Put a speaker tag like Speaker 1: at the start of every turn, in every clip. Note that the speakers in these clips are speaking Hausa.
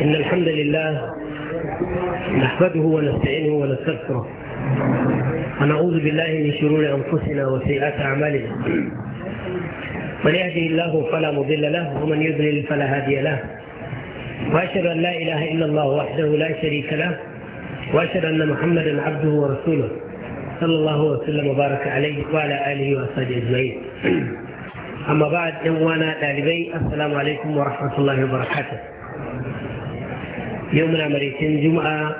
Speaker 1: إن الحمد لله نحمده ونستعينه ونستغفره ونعوذ بالله من شرور أنفسنا وسيئات أعمالنا من يهده الله فلا مضل له ومن يضلل فلا هادي له وأشهد أن لا إله إلا الله وحده لا شريك له وأشهد أن محمدا عبده ورسوله صلى الله وسلم وبارك عليه وعلى آله وأصحابه أجمعين أما بعد إخوانا طالبي السلام عليكم ورحمة الله وبركاته yau muna maraicin juma'a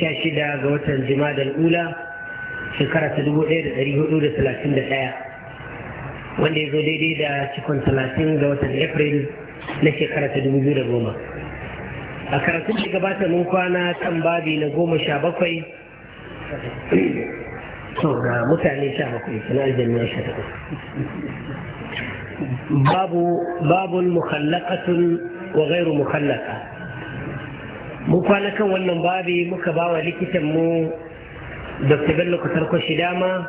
Speaker 1: sha shida ga watan jima'a ula shekara ta dubu ɗaya da ɗari hudu da talatin da ɗaya wanda ya zo daidai da cikon talatin ga watan april na shekara ta dubu biyu da goma a karatun da gabata mun kwana kan babi na goma sha bakwai to ga mutane sha bakwai suna aljanna sha takwas babu babun mukhallaqatun wa ghairu mukhallaqa mu kwanakan wannan babi muka ba wa likitanmu dr bello kutarkwashi dama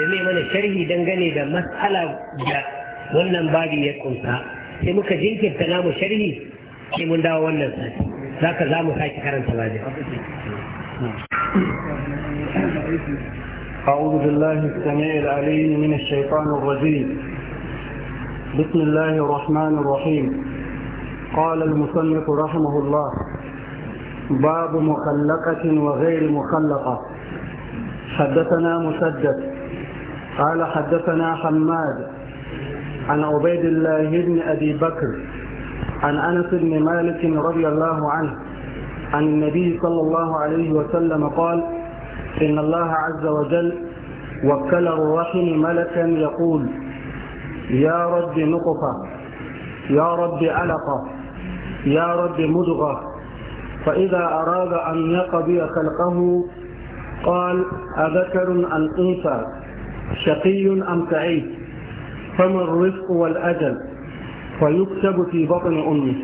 Speaker 1: da mai mana sharhi dangane da matsala da wannan babi ya kunsa sai muka jinkirta namu sharhi sai mun dawo wannan sati za ka za mu sake karanta babin
Speaker 2: أعوذ بالله السميع العليم من الشيطان الرجيم بسم الله الرحمن الرحيم قال المصنف رحمه الله باب مخلقة وغير مخلقة حدثنا مسدد قال حدثنا حماد عن عبيد الله بن أبي بكر عن أنس بن مالك رضي الله عنه عن النبي صلى الله عليه وسلم قال إن الله عز وجل وكل الرحم ملكا يقول يا رب نقفة يا رب علقة يا رب مدغة فإذا أراد أن يقضي خلقه قال أذكر أم أنثى شقي أم سعيد فما الرزق والأجل فيكتب في بطن أمه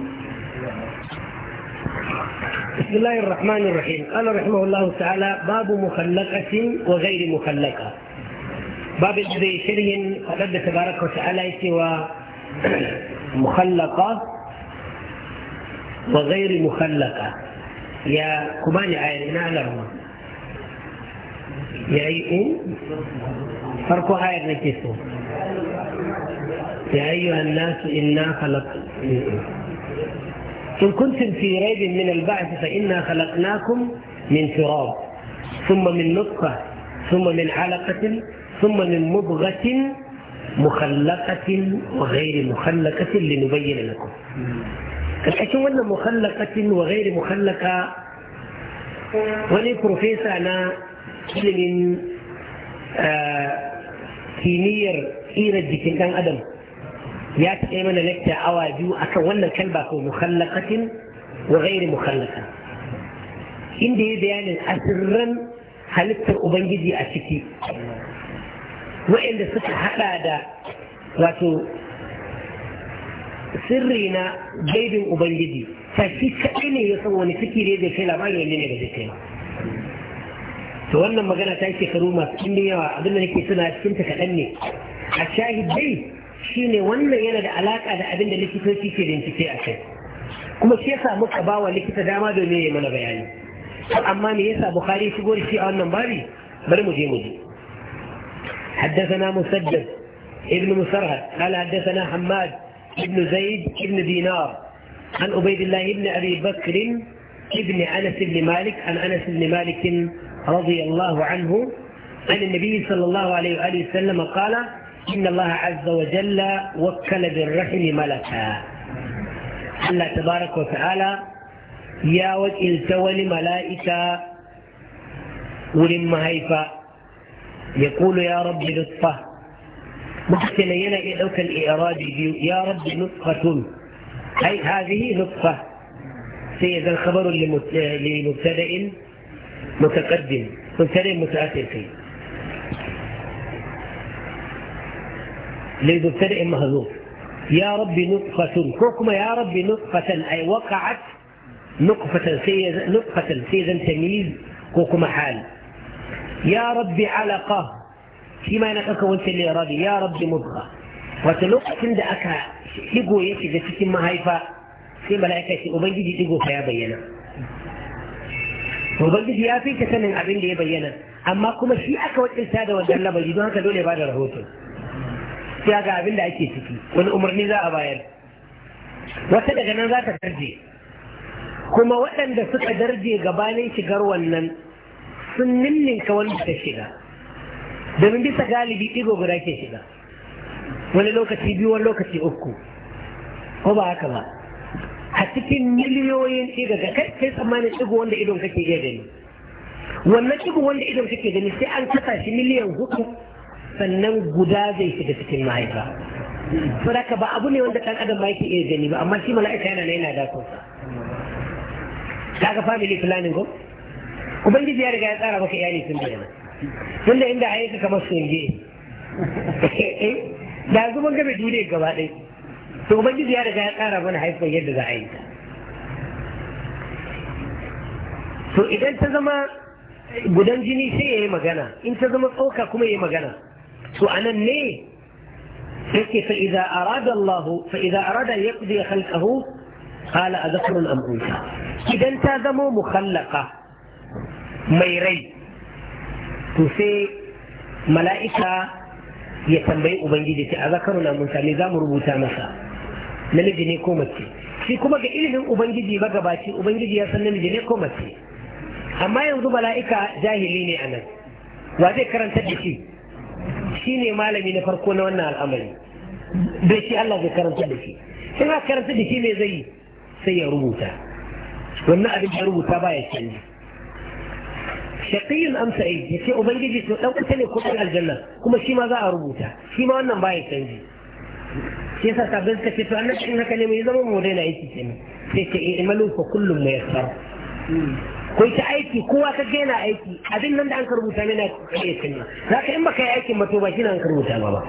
Speaker 2: بسم الله الرحمن
Speaker 1: الرحيم قال رحمه الله تعالى باب مخلقة وغير مخلقة باب الذي شري قد تبارك وتعالى سوى مخلقة وغير مخلقة يا كمان يا من أعلم يا ايو فرقوا هاي نكيسو يا أيها الناس إنا خلق إن كنتم في ريب من البعث فإنا خلقناكم من تراب ثم من نطفة ثم من علقة ثم من مضغة مخلقة وغير مخلقة لنبين لكم الحكم ولا مخلقة وغير مخلقة ولي بروفيسانا كلمين كينير كينير جيكين كان أدم يات ايمن لكتا اواجو اكا ولا كلبا كو مخلقة وغير مخلقة اندي بيان اسرا halittar ubangiji a ciki wa'anda suka hada da wato sirri na gaibin ubangiji ta kaɗai ne ya san wani fikiri da kai labarin wani ne da zai kai to wannan magana ta yi shekaru masu cikin yawa abinda nake suna cikin ta kaɗan ne a shahidai shine wannan yana da alaƙa da abinda da likitoci ke bincike a kai kuma shi yasa muka ba wa likita dama domin ya yi mana bayani amma me yasa bukhari shigo da shi a wannan babi bari mu je mu je حدثنا مسدد ابن مسرهد قال حدثنا حماد بن زيد بن دينار عن عبيد الله بن أبي بكر بن أنس بن مالك عن أنس بن مالك رضي الله عنه عن النبي صلى الله عليه وآله وسلم قال إن الله عز وجل وكل بالرحم ملكا الله تبارك وتعالى يا وكل تولي ملائكة ولم هيفا يقول يا رب لطفه محكم ينا إذوك الإيراد يا رب نطقة أي هذه نطفة سيد الخبر لمبتدئ متقدم مبتدئ متأثر فيه لمبتدئ مهذوب يا رب نطقة حكم يا رب نطقة أي وقعت نطفة سيد نطقة سيد تمييز حكم حال يا رب علقه shi ma yana ɗauka wancan lirabi ya rabbi mudgha wata lokacin da aka digo ya shiga cikin mahaifa sai mala'ika ce ubangiji digo fa ya bayyana ubangiji ya fi ka sanin abin da ya bayyana amma kuma shi aka wakilta da wannan labari don haka dole ba da rahoto sai ga abin da ake ciki wani umarni za a bayar wata daga nan za ta darje kuma waɗanda suka darje gabanin shigar wannan sun ninninka wanda ta shiga domin bisa galibi ɗigo guda ke shiga wani lokaci biyu wani lokaci uku ko ba haka ba a cikin miliyoyin ɗiga ga kai kai tsammanin ɗigo wanda idon kake iya gani wannan ɗigo wanda idon kake gani sai an kasa shi miliyan hudu sannan guda zai shiga cikin mahaifa saboda ba abu ne wanda kan adam ba yake iya gani ba amma shi mala'ika yana na yana dakonsa kaga family planning ko ubangiji ya riga ya tsara maka iyali sun bayyana tun da inda ayyuka kamar sunge? da zuma game dure gaba ɗai to ubangiji ya riga ya tsara mana haifar yadda za a yi ta to idan ta zama gudan jini sai ya yi magana in ta zama tsoka kuma ya yi magana to a nan ne yake fa'iza a arada Allah fa idza arada yaqdi khalqahu qala a am unsa idan ta zama mukhallaqa mai rai to sai mala'ika ya tambayi ubangiji ce a zakaru na mun sami za mu rubuta masa namiji ne ko mace shi kuma ga ilimin ubangiji ba gabaci ubangiji ya san namiji ne ko mace amma yanzu mala'ika jahili ne a nan wa zai karanta da shi shi ne malami na farko na wannan al'amari da shi Allah zai karanta da shi sai karanta da shi ne zai sai ya rubuta wannan abin da rubuta ba ya canji شقي أم سعيد يسي أبنجي جيسي لو كنت لي كنت على الجنة كما شي ماذا أربوتا شي ما أنا باي سنجي سيسا تابلتك في فأنا شئنا كلمة يزم مولينا إيسي سيما سيسي إعملوا فكل ما يسر كوي تأيتي قوة تجينا أيتي أدين نند عن كربوتا لنا إيسينا لكن إما كي أيتي ما توباشينا عن كربوتا بابا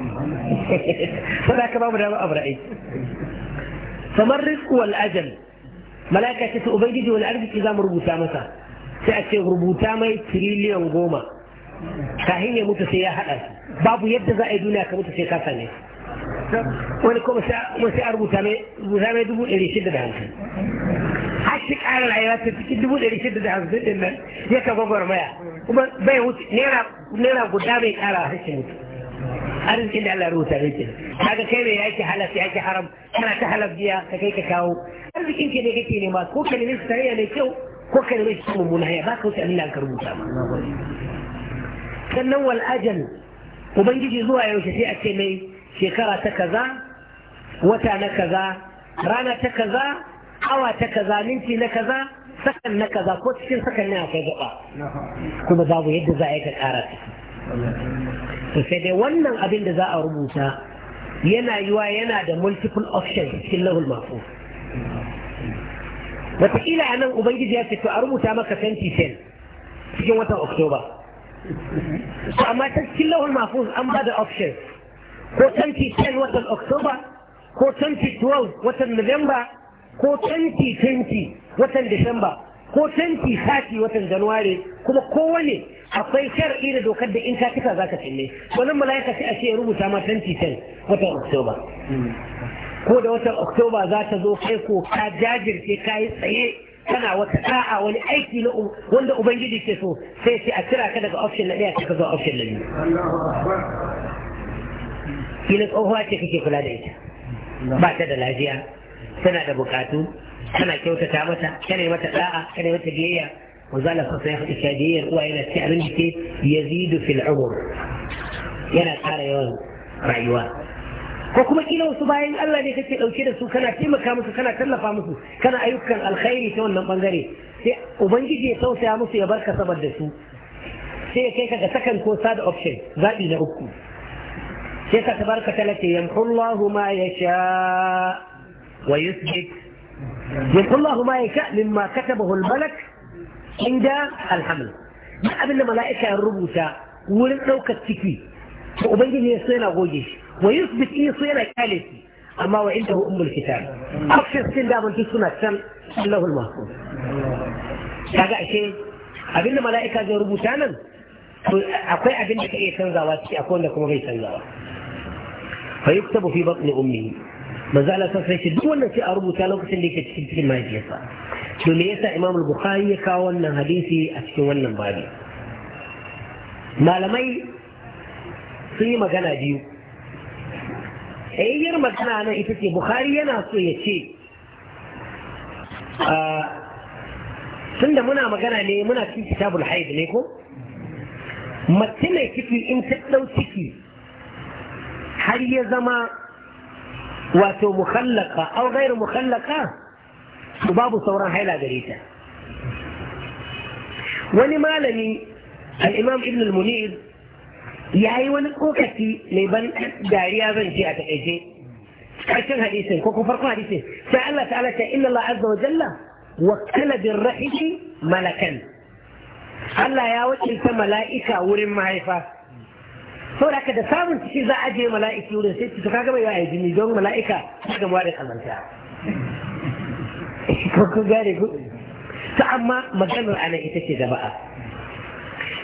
Speaker 1: فلا كباب رابا أبرأي فما الرزق والأجل ملائكة تتأبيدي والأرض إذا مربوطة مثلا sai a ce rubuta mai tiriliyan goma kahin ya mutu sai ya haɗa babu yadda za a yi duniya ka mutu sai ka same wani kuma sai a rubuta mai rubuta mai dubu ɗari shida da hamsin har shi ƙara rayuwa ta cikin dubu ɗari shida da hamsin ɗin nan ya ka gwagwarmaya kuma bai wuce nera guda bai ƙara har shi mutu arzikin da Allah rubuta ne kenan kaga kai ne yake halal yake haram kana ta halal biya ka kai ka kawo arzikin ke ne kake nema ko ka nemi tarayya ne kyau وكان ليس اسمه منهية باك وسأل الله أنك ربوش أمان كان هو الأجل وبين جيجي زوها يا وشتي أتمي شكرا تكزا وتا نكزا رانا تكزا أوا تكزا ننتي نكزا سكن نكزا كوت سكن سكن نها في زقا كما ذاو يد زائك الآرات فسيدي ونن أبين دزاء ربوشا ينا يوا ينا دا multiple options كله المعفوف wataƙila a nan ubangiji ya ce to a rubuta maka fenti sen cikin watan oktoba amma ta cikin lahul mafuz an ba da option ko fenti sen watan oktoba ko fenti 12 watan november ko fenti 20 watan disamba ko fenti 30 watan januwari kuma kowane akwai shar'i da dokar da in ka kika za ka tsalle wannan mala'ika sai a ce rubuta ma fenti sen watan oktoba ko da watan oktoba za ta zo kai ko ka jajirce ka yi tsaye kana wata sa'a wani aiki na wanda ubangiji ke so sai sai a kira ka daga option na ɗaya ka zo option na biyu filin tsohuwa ce kake kula da ita ba ta da lafiya tana da bukatu tana kyautata mata kana yi mata da'a kana yi mata biyayya وزال فصيح إشادية وإلى السعر التي يزيد في العمر ينا قال يوم رأيوان ko kuma kila wasu bayan Allah ne kake dauke da su kana taimaka musu kana tallafa musu kana ayyukan alkhairi ta wannan bangare sai ubangiji ya tausaya musu ya barka saboda su sai ya kai ka ga sakan ko sada option zabi na uku sai ka tabarka talata yamhu Allah ma yasha wa yusbit yamhu Allah ma yasha mimma katabahu al-malak inda al-haml duk abin da mala'ika ya rubuta wurin daukar ciki ubangiji ya sai na goge shi ويثبت إيه صيرة كالسة أما وعنده أم الكتاب أكثر سن دابن تسمى السم له المحكوم هذا شيء أبين الملائكة زي ربوتانا أقول أبين لك إيه سنزاواتي أقول لكم غير سنزاوات فيكتب في بطن امه ما زال سنسرين في في أربو تالو كسن لك تكتب ما يجيسا دوليسا إمام البخاري كاولنا حديثي أتكوننا بابي ما لمي سيما كان أجيب ayyar magana nan ita ce bukhari yana so ya ce ah, tunda da muna magana ne muna cikin kitabul haid ne ko mace mai ciki in ta ɗau ciki har ya zama wato mukhallaka au gairu mukhallaka to babu sauran haila gare ta wani malami al-imam ibn al-munir ya yi wani tsokaci mai ban dariya zan ce a taƙaice ƙarshen hadisin ko kuma farkon hadisin sai Allah ta'ala ta inna Allah azza wa jalla wakkala bin rahishi malakan Allah ya wakilta mala'ika wurin mahaifa saboda haka da samun ciki za a je mala'iki wurin sai ci kaga bai yayi jini don mala'ika ga mu da kamanta ko ku gare ku ta amma maganar ana ita ce da ba'a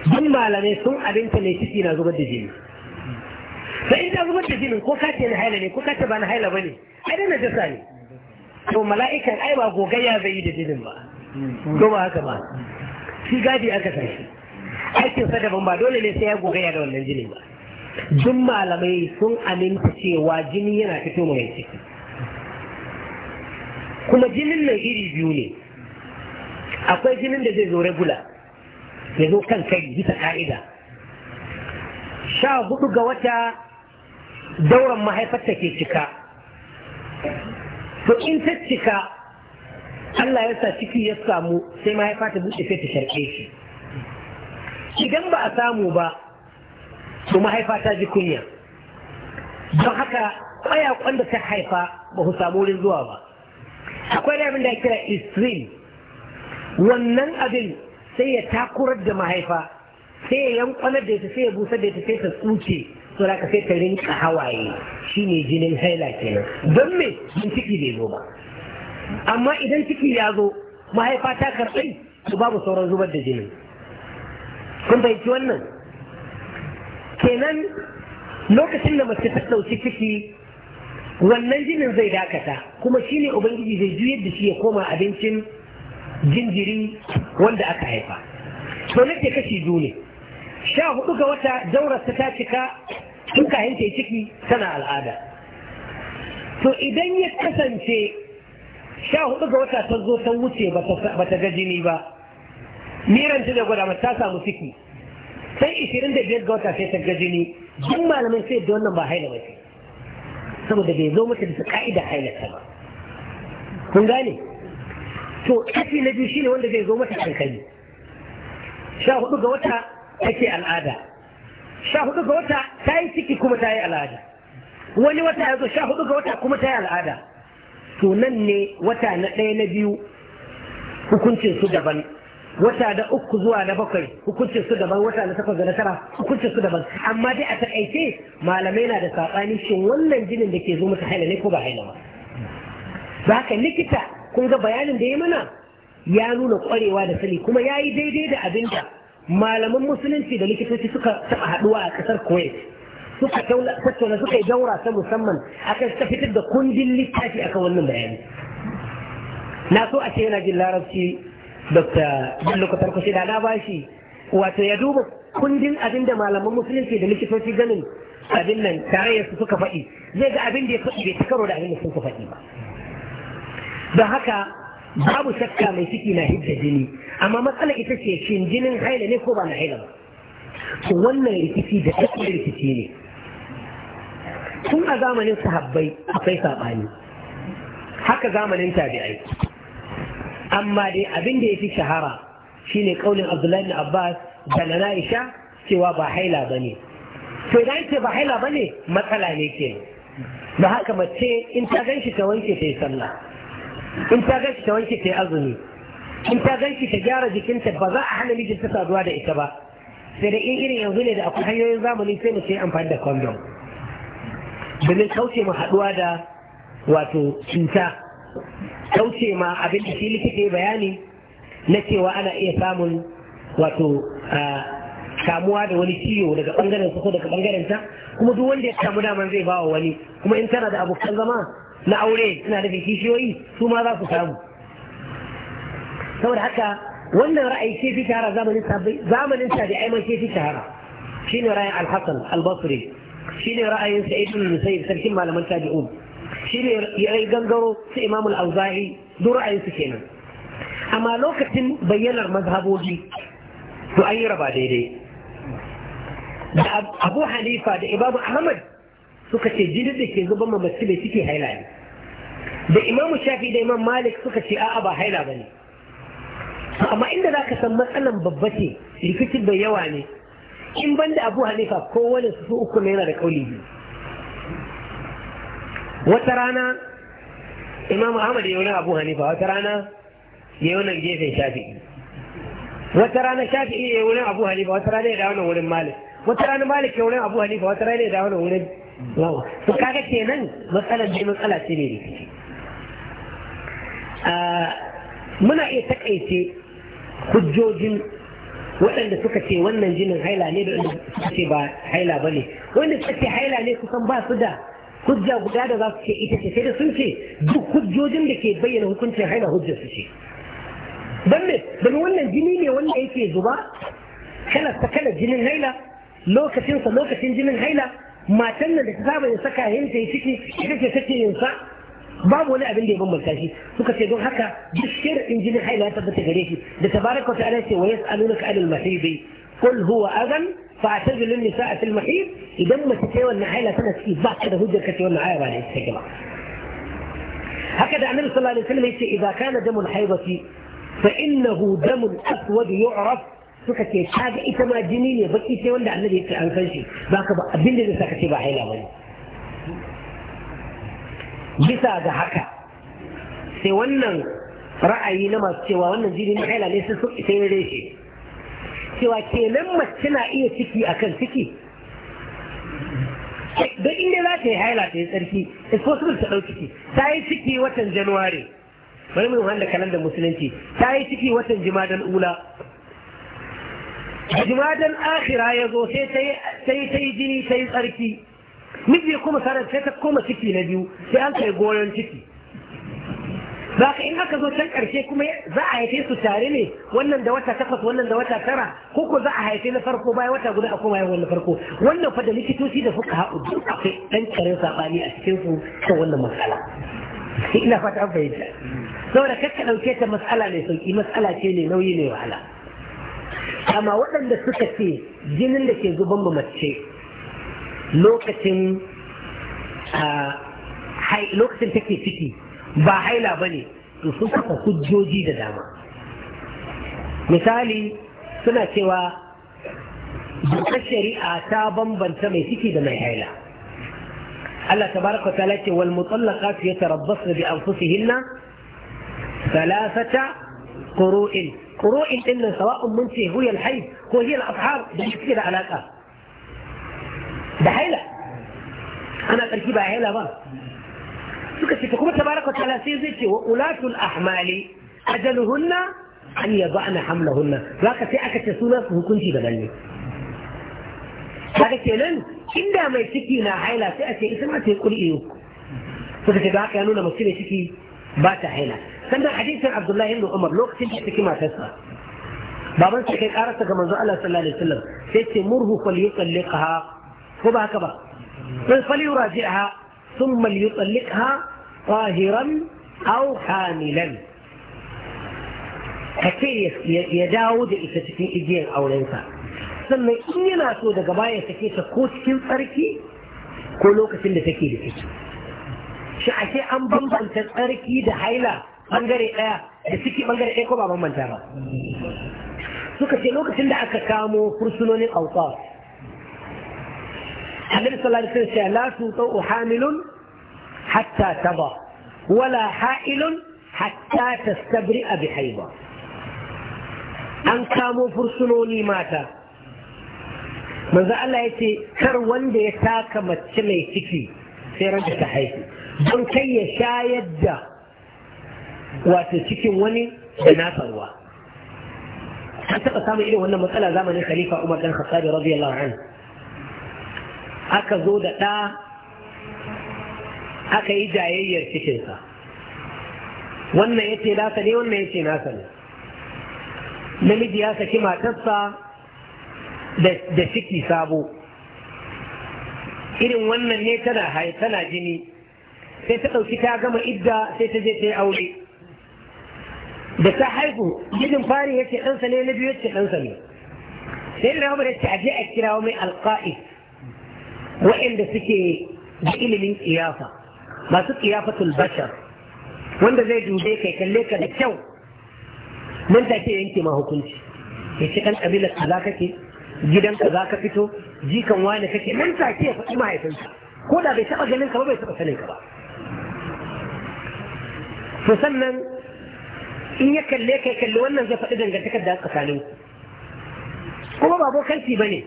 Speaker 1: duk malamai sun abinta mai ciki na zubar da jini da in ta zubar da jinin ko kace na haila ne ko kace ba na haila ba ne ai da jasa ne to mala'ikan ai ba gogayya bai yi da jinin ba ko ba haka ba shi gadi aka sashi shi aikin sa daban ba dole ne sai ya gogayya da wannan jinin ba duk malamai sun aminta cewa jini yana fito mai ciki kuma jinin nan iri biyu ne akwai jinin da zai zo regular ya zo kan kai bisa ka'ida sha hudu ga wata dauran mahaifarta ke cika to in ta cika Allah ya sa ciki ya samu sai mahaifa ta buɗe sai ta sharke shi idan ba a samu ba to mahaifa ta ji kunya don haka kwayakon da ta haifa ba ku samu wurin zuwa ba akwai da abin da kira istrim wannan abin sai ya takurar da mahaifa sai ya yankwanar da ita sai ya busar da ita sai ta tsuke to da sai ta rinka hawaye shine jinin haila kenan don me jin ciki bai zo ba amma idan ciki ya zo mahaifa ta karɓi to babu sauran zubar da jini kun fahimci wannan kenan lokacin da mace ta ɗauki ciki wannan jinin zai dakata kuma shine ubangiji zai juyar da shi ya koma abincin jinjiri wanda aka haifa to nake kashi biyu ne sha hudu ga wata daurar ta cika sun kayan ciki tana al'ada to idan ya kasance sha hudu ga wata ta zo ta wuce ba ta ga jini ba ta da gwada ta samu ciki sai ishirin da biyar ga wata sai ta ga jini duk malamai sai da wannan ba haila ba saboda bai zo mata da ka'ida haila ta ba kun gane to kashi na biyu shine wanda zai zo mata hankali sha hudu ga wata take al'ada sha hudu ga wata ta yi ciki kuma ta yi al'ada wani wata ya zo sha hudu ga wata kuma ta yi al'ada to nan ne wata na ɗaya na biyu hukuncin su daban wata da uku zuwa da bakwai hukuncin su daban wata na takwas da na tara hukuncin su daban amma dai a takaice malamai na da saɓani shin wannan jinin da ke zo mata haila ne ko ba haila ba ba haka likita kun ga bayanin da ya mana ya nuna kwarewa da sani kuma ya yi daidai da abinda malaman musulunci da likitoci suka taɓa haɗuwa a ƙasar kuwait suka tattauna suka yi daura ta musamman akan suka fitar da kundin littafi kan wannan bayani na so a ce yana jin larabci dr bello kwatarkwashe da na bashi wato ya duba kundin abin da malaman musulunci da likitoci ganin abin nan tare suka faɗi zai ga abin da ya faɗi bai ta karo da abin da suka faɗi ba da haka babu shakka mai ciki na hidda jini amma matsala ita ce shin jinin haila ne ko ba na haila ba wannan rikici da ake rikici ne tun a zamanin sahabbai akwai saɓani haka zamanin tabi'ai amma dai abin da yafi shahara shine kaulin abdullahi bin abbas da na aisha cewa ba haila bane. Sai to idan ce ba haila bane? matsala ne ke da haka mace in ta ganshi ta wanke ta yi sallah in ta ganshi ta wanke ta azumi in ta ganshi ta gyara jikinta ba za a hana mijinta saduwa da ita ba sai da in irin yanzu ne da akwai hanyoyin zamani sai mu sai amfani da condom domin kauce ma haduwa da wato cuta kauce ma abin da shi likita bayani na cewa ana iya samun wato kamuwa da wani ciwo daga bangaren ko daga bangaren ta kuma duk wanda ya kamu daman zai ba wa wani kuma in tana da abokan zama na aure ina nufin kishiyoyi su ma za su samu saboda haka wannan ra'ayi ce fi shahara zamanin sabbai zamanin sa da aiman ce fi shahara shine ra'ayin al-hasan al-basri shine ra'ayin sa'id ibn musayyib sarkin malaman tabi'un shine yayi gangaro sai imam al-auza'i duk ra'ayin su kenan amma lokacin bayyanar mazhabobi to an yi raba daidai da abu hanifa da imam ahmad suka ce jini da ke zuban mamaci mai ciki haila ne da imamu shafi da imam malik suka ce a'a ba haila ba ne amma inda za ka san matsalan babba ce rikicin bai yawa ne in ban da abu hanifa ko wani su su uku yana da kauli biyu wata rana imamu ahmad ya wani abu hanifa wata rana ya wani gefen shafi wata rana shafi ya wani abu hanifa wata rana ya dawo wurin malik wata rana malik ya wani abu hanifa wata rana ya dawo wurin yawa su kaga kenan matsalar da matsala ce ne ah, muna iya takaice hujjojin waɗanda suka ce wannan jinin haila ne da suka ce ba haila ba ne wanda suka ce haila ne kusan ba su da hujja guda da za su ce ita ce sai da sun ce duk hujjojin da ke bayyana hukuncin haila hujjar su ce don ne don wannan jini ne wanda yake zuba kalar ta kalar jinin haila lokacinsa lokacin jinin haila matan nan da ta saba in saka yin ta yi ciki ita ce take yin sa babu wani abin da ya bambanta shi suka ce don haka gaskiyar injinin haila ya tabbata gare shi da tabaraka ta ala ce wa yas'alunaka anil mahidi qul huwa adan فاعتزل النساء في المحيط اذا ما تتساوى النحيلة سنة في بعض كده هجة كتوى النحيلة بعد السجمة هكذا النبي صلى الله عليه وسلم يقول إذا كان دم الحيضة فإنه دم أسود يعرف suka ce kaga ita ma jini ne baki sai wanda Allah ya ce an san shi ba ka ba abin da zaka ce ba haila bane bisa ga haka sai wannan ra'ayi na masu cewa wannan jini na haila ne sai sai shi cewa kenan mace na iya ciki akan ciki don inda za ta yi haila ta yi tsarki it's possible ta ɗau ciki ta yi ciki watan januwari bari mu wanda da musulunci ta yi ciki watan jimadal ula jimadan akhira ya zo sai ta yi jini ta yi tsarki miji kuma sarar sai ta koma ciki na biyu sai an kai goyon ciki za ka in aka zo can ƙarshe kuma za a haife su tare ne wannan da wata takwas wannan da wata tara ko ko za a haife na farko bayan wata guda a koma yawan na farko wannan fa da likitoci da fuka haɗu duk akwai ɗan karin saɓani a cikin su kan wannan matsala ina fata an fahimta saboda kakka ɗauke ta matsala ne sauƙi matsala ce ne nauyi ne wahala amma waɗanda suka ce jinin da ke zuban mace lokacin lokacin take ciki ba haila ba ne sun kafa hujjoji da dama misali suna cewa dokar shari'a ta bambanta mai ciki da mai haila Allah Ta baraka Ta ce wal mutallaqat da bi anfusihinna thalathata kuru'in. قروء ان سواء من فيه هو الحي هو هي الأبحار ده شو كده علاقة ده حيلة أنا تركيبة حيلة بقى شوك في تقوم تبارك وتعالى سيزيك وأولاة الأحمال أجلهن أن يضعن حملهن لك سيأك تسونا فهو بدلني هذا كيلن إلا ما يسكينا حيلة سيأتي إسمعتي كل إيوك فكذا باقي أنونا مصيري سيكي باتا حيلة sannan hadisin abdullahi ibn umar lokacin da take matarsa baban sa kai karasa ga manzo Allah sallallahu alaihi wasallam sai ce murhu falyutalliqha ko ba haka ba sai falyuraji'ha thumma liyutalliqha tahiran aw hamilan kace ya dawo da ita cikin igiyar aurensa sannan in yana so daga baya take ta ko cikin tsarki ko lokacin da take da ciki shi ake an bambanta tsarki da haila bangare ɗaya da ciki bangare ɗaya ko ba bambanta ba suka ce lokacin da aka kamo fursunonin auta annabi sallallahu alaihi wasallam la tutau hamilun hatta taba wala ha'ilun hatta tastabri'a bi haiba an kamo fursunoni mata manzo Allah yace kar wanda ya taka mace mai ciki sai ranta ta haihu don kai ya shayar da wato cikin wani da nasa an taɓa samun irin wannan matsala zamanin khalifa umar dan khattabi radiyallahu anhu aka zo da ɗa aka yi jayayyar cikinsa wannan ya ce nasa ne wannan ya ce nasa ne namiji ya saki matarsa da ciki sabo irin wannan ne tana tana jini sai ta ɗauki ta gama idda sai ta je ta yi aure da ta haihu mijin fari yace ɗansa ne na biyu yace ɗansa ne sai da Umar yace aje a kirawo mai alƙa'i wa'anda suke da ilimin kiyafa masu kiyafatul tulbashar wanda zai dube kai kalle ka da kyau nan ke yanke ma hukunci ce ɗan kabilar kaza kake gidan kaza ka fito jikan wani kake nan take ya faɗi mahaifinsa ko da bai taɓa ganin ka ba bai taɓa sanin ka ba to sannan in ya kalle ka kalli wannan zai faɗi dangantakar da tsakanin kuma ba bokanci ba ne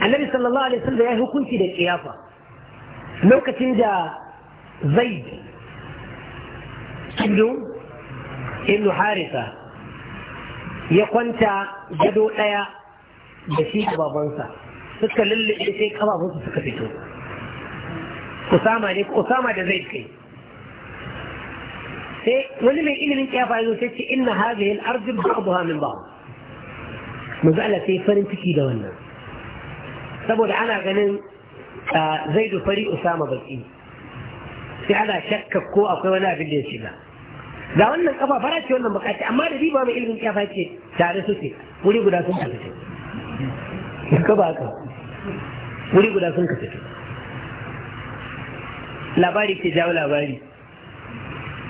Speaker 1: annabi sallallahu alaihi wasallam ya hukunci da kiyafa lokacin da zaid ibnu ibnu harisa ya kwanta gado ɗaya da shi babansa suka lullube sai kafafunsu suka fito usama ne usama da zaid kai sai wani mai ilimin kiyafa ya zo sai ce inna hadhihi al-ard ba'daha min ba'd manzo Allah sai farin ciki da wannan saboda ana ganin zaidu fari usama baki sai ana shakka ko akwai wani abin da ya shiga ga wannan kafa fara ce wannan bukaci amma da riba mai ilimin kiyafa ce tare su ce wuri guda sun tafi ka ba ka wuri guda sun ka fito labari ke jawo labari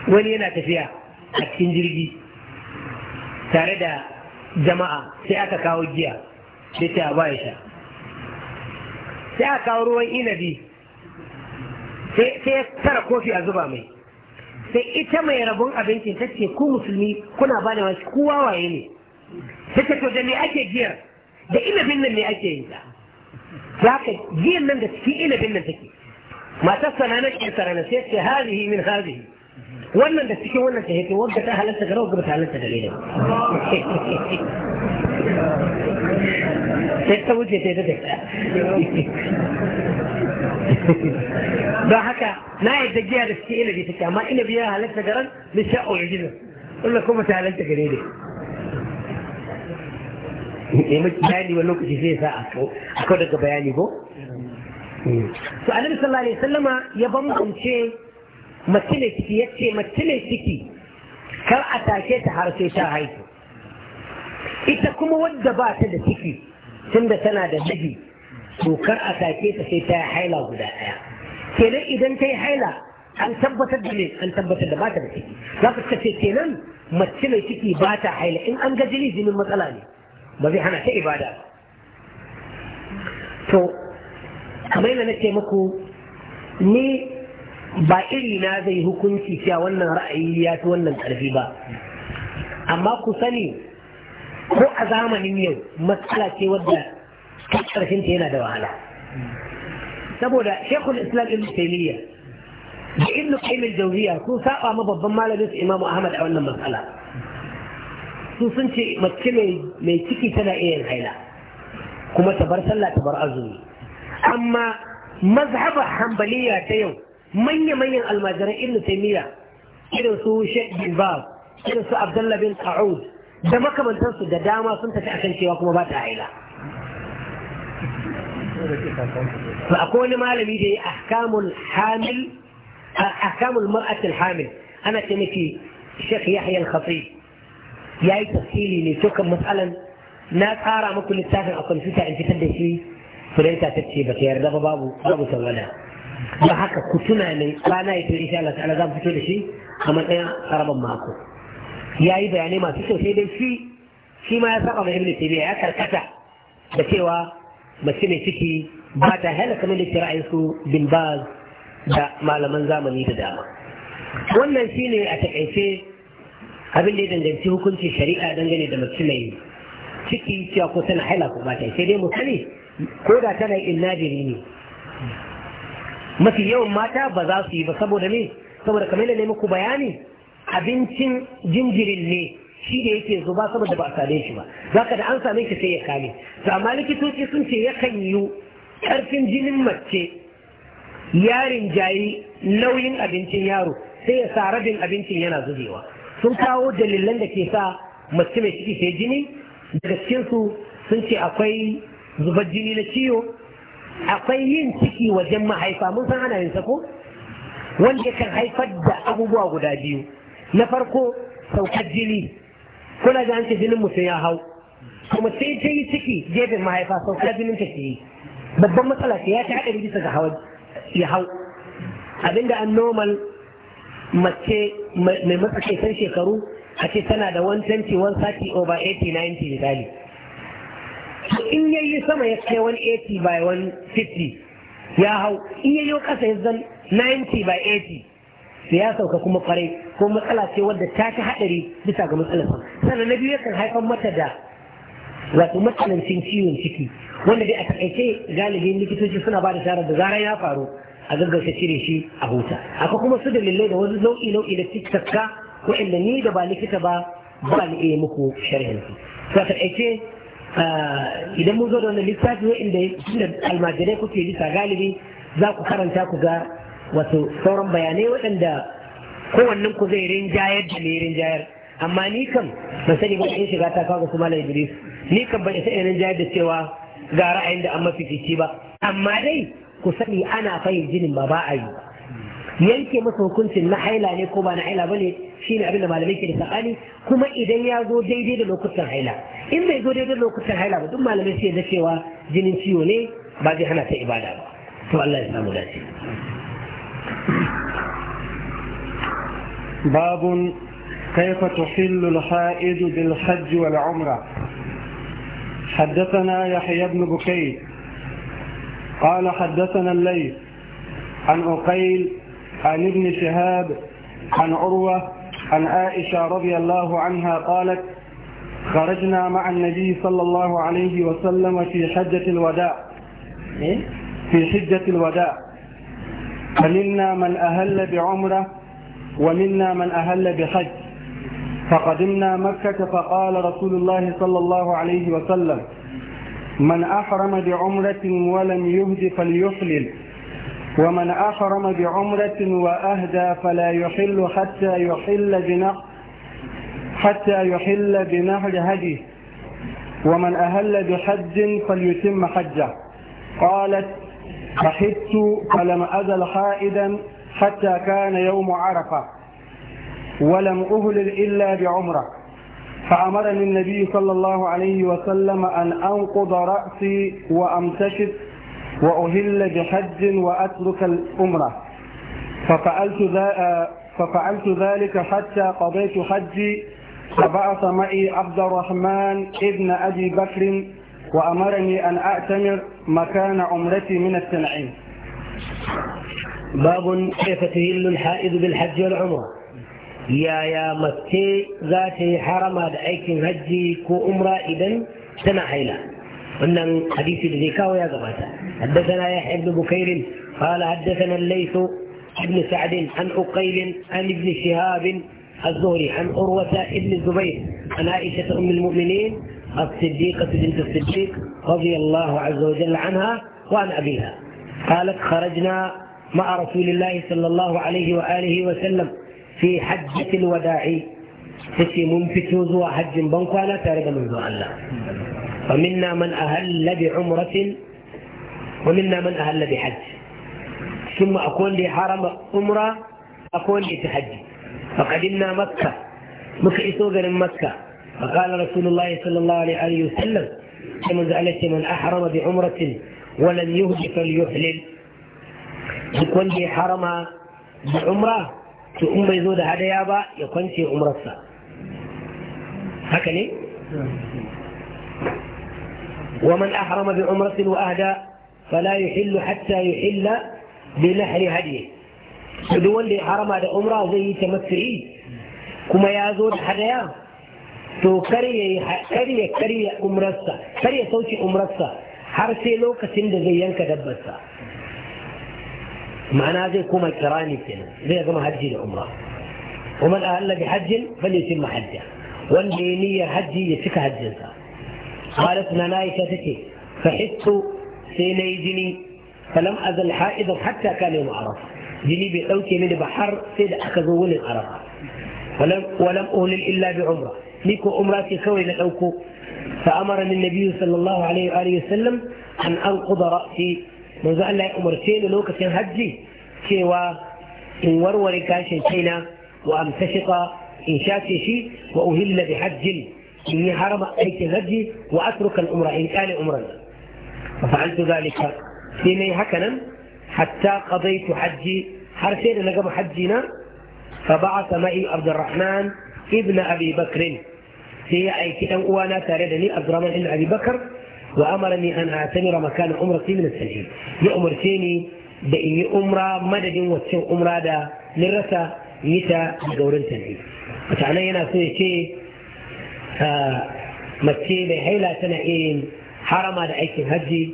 Speaker 1: wani yana tafiya a cikin jirgi tare da jama'a sai aka kawo giya sai ta ba ya sha sai aka kawo ruwan inabi sai ya tara kofi a zuba mai sai ita mai rabon abincin ta ce ku musulmi kuna ba da wasu kowa waye ne ta ce to da me ake giyar da inabin nan ne ake yin ta za ka giyan nan da cikin inabin nan take matar nan ƙin sarana sai ce hazihi min hazihi wannan da cikin wannan ta yake wanda ta halatta gare wanda ta halatta gare ne sai ta wuce sai ta tafiya don haka na yadda giya da cikin inabi take amma inabi ya halatta garan na sha a yanzu wanda kuma ta halatta gare ne ne maki bayani wani lokaci zai sa a kawo daga bayani ko? Hmm. to annabi sallallahu alaihi wasallama ya bambance mace ciki ya ce mace ciki kar a take ta har sai ta haihu ita kuma wadda ba ta da ciki tunda tana da miji to kar a take ta sai ta haila guda ɗaya kenan idan ta yi haila an tabbatar da ne an tabbatar da ba ta da ciki za ka ce kenan mace ciki ba ta haila in an ga jini jinin matsala ne ba zai hana ta ibada ba to kamar yadda nake muku ni ba iri na zai hukunci cewa wannan ra'ayi ya fi wannan ƙarfi ba amma ku sani ko a zamanin yau matsala ce wadda ƙarfinta yana da wahala saboda shekul islam ibn taymiya da ibn qayyim al-jawziya sun saba ma babban malamin su imamu ahmad a wannan matsala su sun ce mace mai ciki tana iya yin haila kuma ta bar sallah ta bar azumi amma mazhabar hambaliya ta yau manya-manyan almajiran irin taimiyya irin su sheikh bin baz irin su abdullah bin sa'ud da makamantansu da dama sun tafi akan cewa kuma ba ta haila to akwai wani malami da ya ahkamul hamil ahkamul mar'atul hamil ana ce miki sheikh yahya al-khatib yayi tafsiri ne cikin kan matsalan na tsara muku littafin a kwamfuta in fitar da shi fulaita ta ce ba ta yarda ba babu babu sawala ba haka ku tuna ne rana ya tuni Allah ta'ala za mu fito da shi a matsayin karaban mako ya yi bayanai masu kyau sai dai shi shi ma ya saba mai ibnu tabi'a ya karkata da cewa mace mai ciki ba ta hana kamar da ra'ayin su bin baz da malaman zamani da dama wannan shine a takaice abin da ya danganci hukuncin shari'a dangane da mace mai ciki cewa ko tana haila ko ba ta sai dai mu sani ko da tana innadiri ne mafi yawan mata ba za su yi ba saboda ne saboda kamar da muku bayani abincin jinjirin ne shi da yake zuba saboda ba a same shi ba zaka da an same shi sai ya kame amma likitoci sun ce yakan yi karfin jinin mace yarin jayi nauyin abincin yaro sai ya sa rabin abincin yana zubewa sun kawo dalilan da ke sa mace mai ciki sai jini daga cikinsu sun ce akwai zubar jini na ciwo akwai yin ciki wajen mahaifa mun san ana yin sa ko wanda kan haifar da abubuwa guda biyu na farko saukar jini kuna ga an ce jinin mutum ya hau kuma sai ta yi ciki gefen mahaifa saukar jinin ta ke yi babban matsala ce ya ta haɗari bisa ga hawa ya hau abinda an normal mace mai matsakaitan shekaru a ce tana da 120 sati over 80 90 misali in yayi sama ya kai 180 by 150 ya hau in yayi kasa ya zan 90 by 80 sai ya sauka kuma kwarai ko matsala ce wadda ta ta hadari bisa ga matsalar sannan na biyu yakan haifar mata da wato matsalancin ciwon ciki wanda dai a takaice galibin likitoci suna ba da sharar da zarar ya faru a gaggauta cire shi a huta akwai kuma su dalilai da wani nau'i nau'i da ko inda ni da ba likita ba ba ni iya muku sharhin su ta takaice idan mun zo da wannan littafi wa inda almajirai kuke bisa galibi za ku karanta ku ga wato sauran bayanai waɗanda kowannen ku zai rinjayar da ne rinjayar amma ni kam ban sani ba in shiga ta kawo su mala Idris ni kan ban isa rin rinjayar da cewa ga ra'ayin da an mafifici ba amma dai ku sani ana fahimjinin ba ba a yi yanke masa hukuncin na haila ne ko ba na haila bane shine abin da malamai ke da sakani kuma idan ya zo daidai da lokutan haila in bai zo daidai da lokutan haila ba duk malamai sai da cewa jinin ciwo ne ba zai hana ta ibada ba to Allah ya
Speaker 3: samu
Speaker 2: dace باب كيف تحل الحائض بالحج والعمره حدثنا يحيى بن بكير قال حدثنا الليث عن أقيل عن ابن شهاب عن عروة عن عائشة رضي الله عنها قالت خرجنا مع النبي صلى الله عليه وسلم في حجة الوداع إيه؟ في حجة الوداع فمنا من أهل بعمرة ومنا من أهل بحج فقدمنا مكة فقال رسول الله صلى الله عليه وسلم من أحرم بعمرة ولم يهد فليحلل ومن أحرم بعمرة وأهدى فلا يحل حتى يحل بنحر حتى يحل بنحر هديه ومن أهل بحج فليتم حجه قالت فحدت فلم أزل حائدا حتى كان يوم عرفة ولم أهلل إلا بعمرة فأمرني النبي صلى الله عليه وسلم أن أنقض رأسي وأمتشف وأهل بحج وأترك الأمرة ففعلت, آه، ففعلت ذلك حتى قضيت حجي فبعث معي عبد الرحمن ابن أبي بكر وأمرني أن أعتمر مكان عمرتي من التنعيم باب كيف تهل الحائض بالحج والعمرة يا
Speaker 1: يا متي ذاتي حرم أيك هجي كأمرة إذا إذن قلنا من حديث الزكاة ويا ya حدثنا يحيى بن بكير قال حدثنا الليث بن سعد عن sa'd عن ابن شهاب الزهري عن عروة ابن الزبير عن عائشة أم المؤمنين الصديقة بنت الصديق رضي الله عز وجل عنها وعن أبيها قالت خرجنا مع رسول الله صلى الله عليه وآله وسلم في حجة الوداع تشي منفتوز وحج بنكوانا تارك أنا من الله ومنا من أهل بعمرة ومنا من أهل بحج ثم أكون لي حرم عمرة أكون لي تحج فقدمنا مكة مكة من مكة فقال رسول الله صلى الله عليه وسلم من زعلت من أحرم بعمرة ولم يهد فليحلل يكون لي حرم بعمرة ثم يزود هذا يابا يكون في عمرة هكذا ومن أحرم بعمرة وأهدى فلا يحل حتى يحل بنحر هديه سدوا ل ح ر م ا ل زي تمثلي كما يازور حدايا ت و كري كري ع م ر ت ا كري صوتي ع حرسي لو كسند زي ينك د ب زي كما كراني كنا زي كما هدي ا ومن أهل بحج فليتم حجه وان ب حجي يسكها ي قالت ملائكة تتي فحست سيني جني فلم أزل حائضا حتى كان يوم عرفة جني بيدوكي من بحر سيد أخذوا ولن عرفة ولم, ولم أهلل إلا بعمرة ليكو أمراتي كوي لحوكو فأمرني النبي صلى الله عليه وآله وسلم أن أنقض رأسي منذ أن لا أمرتين لوكة هجي سوى إن ورور كاشن شينا وأمتشط إن شي وأهل بحج إني حرم أيك الهدي وأترك الأمر إن كان أمرا ففعلت ذلك إني هكذا حتى قضيت حجي حرسين لقب حجنا فبعث معي عبد الرحمن ابن أبي بكر في أي كتاب وانا تاردني عبد الرحمن ابن أبي بكر وأمرني أن أعتمر مكان عمرتي من السجين لامرتيني بإني أمرا مدد وتشو أمرة دا للرسا يتا دورين تنعيم وتعنى شيء مكينه هيلا تنائين إيه؟ حرم على أيك الهج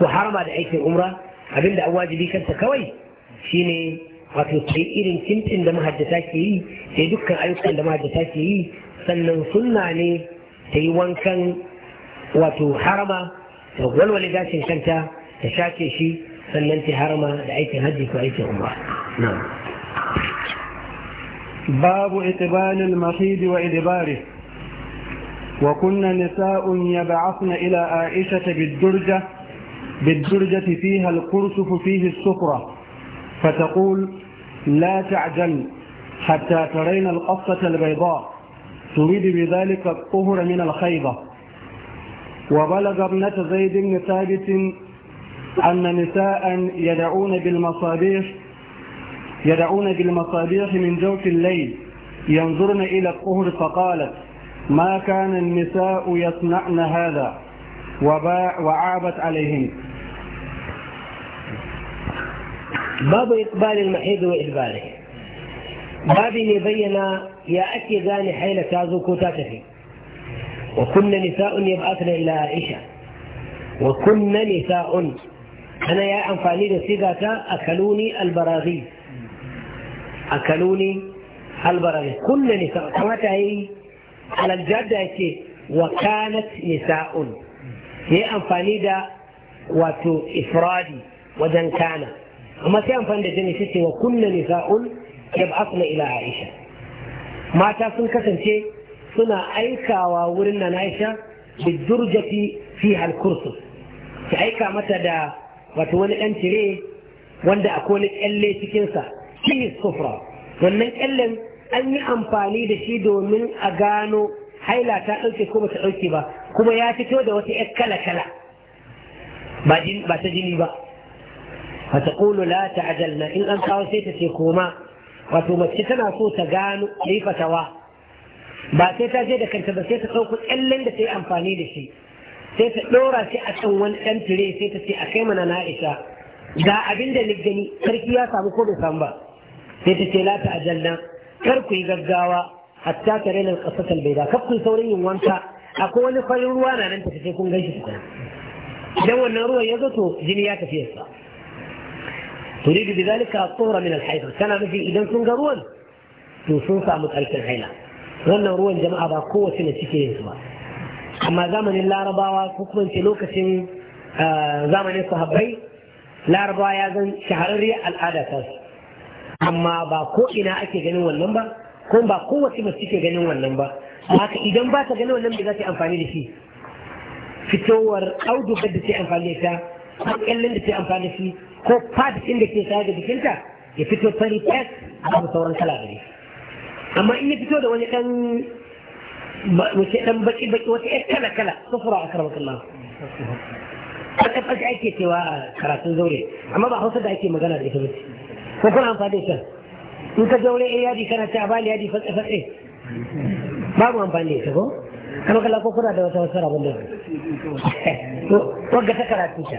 Speaker 1: وحرم على أيك الأمرة أبدا أواجه بك أنت كوي شيني وفي الطريق إن كنت عندما هدتاكي في دكا أيضا عندما هدتاكي سنن سنعني في وانكا وفي حرم أول ولداتي إن كنت تشاكي شي سننت حرم لأيك
Speaker 2: الهج وأيك الأمرة نعم باب إتبان المحيد وإدباره وكنا نساء يبعثن إلى عائشة بالدرجة بالدرجة فيها القرصف فيه السفرة فتقول لا تعجل حتى ترين القصة البيضاء تريد بذلك الطهر من الخيبة وبلغ ابنة زيد بن ثابت أن نساء يدعون بالمصابيح يدعون بالمصابيح من جوف الليل ينظرن إلى الطهر فقالت ما كان النساء يصنعن هذا وعابت عليهن
Speaker 1: باب إقبال المحيض وإقباله باب يبين يا أكي ذاني حيلة تازوكو تاتفي وكن نساء يبعثن إلى عائشة وكن نساء أنا يا أنفالي لسيغة أكلوني البراغي أكلوني البراغي كن نساء كما تعي على الجادة يكي وكانت نساء هي أنفاني دا واتو إفرادي وذن كان وما سي أنفاني دا جني ستي وكنا نساء يبعثنا إلى عائشة ما تاسم كتن شيء سنا أيكا وورنا نائشة بالدرجة فيها الكرسي في أيكا متى دا واتوان أنت ليه وان دا أكون اللي تكنسا كيه الصفرة وان من an yi amfani da shi domin a gano haila ta ɗauke ko bata ɗauke ba kuma ya fito da wata ‘yar kala-kala ba ta jini ba a ƙulu la ta ajalna in an kawo sai ta ce koma wato mace tana so ta gano ta fatawa ba sai ta je da kanta ba sai ta ɗauko ƙyallen da ta yi amfani da shi sai ta ɗora shi a kan wani ɗan tire sai ta ce a kai mana na isa ga abin da ni gani sarki ya samu ko bai samu ba sai ta ce la ta ajalna كركو يغزاوا حتى ترين القصة البيضاء كبتو ثوري وانتا أكو ولي خير وانا أنت تكون غيش تكون جو النار ويزتو جنيات في السا. تريد بذلك الطهر من الحيض كان في إذن كن قروان يوصوصا متألك الحيلة غنى روان جماعة قوة نتيكي إنسوا أما زمن الله ربا وكوكما تلوك سن آه زمن الصحابي لا ربا يازن شهر الرياء الآدة تاسي amma ba ko ina ake ganin wannan ba ko ba kowace masu ke ganin wannan ba haka idan ba ta ganin wannan me za ta amfani da shi fitowar audugar da ta amfani da ta ko kyallin da ta amfani da shi ko fat din da ke tare da jikinta ya fito fari fes babu sauran kala gari. amma in ya fito da wani dan wace dan baki baki wata yar kala kala sufura a karamakallah a ƙarƙashi ake cewa karatun zaure amma ba hausa da ake magana da ita ba ce ko amfani ta in ka jaure eh yadi kana ta bali yadi fatsa fatsa babu amfani ta ko kama kala ko kuna da wata wasara banda wagga ta karatu ta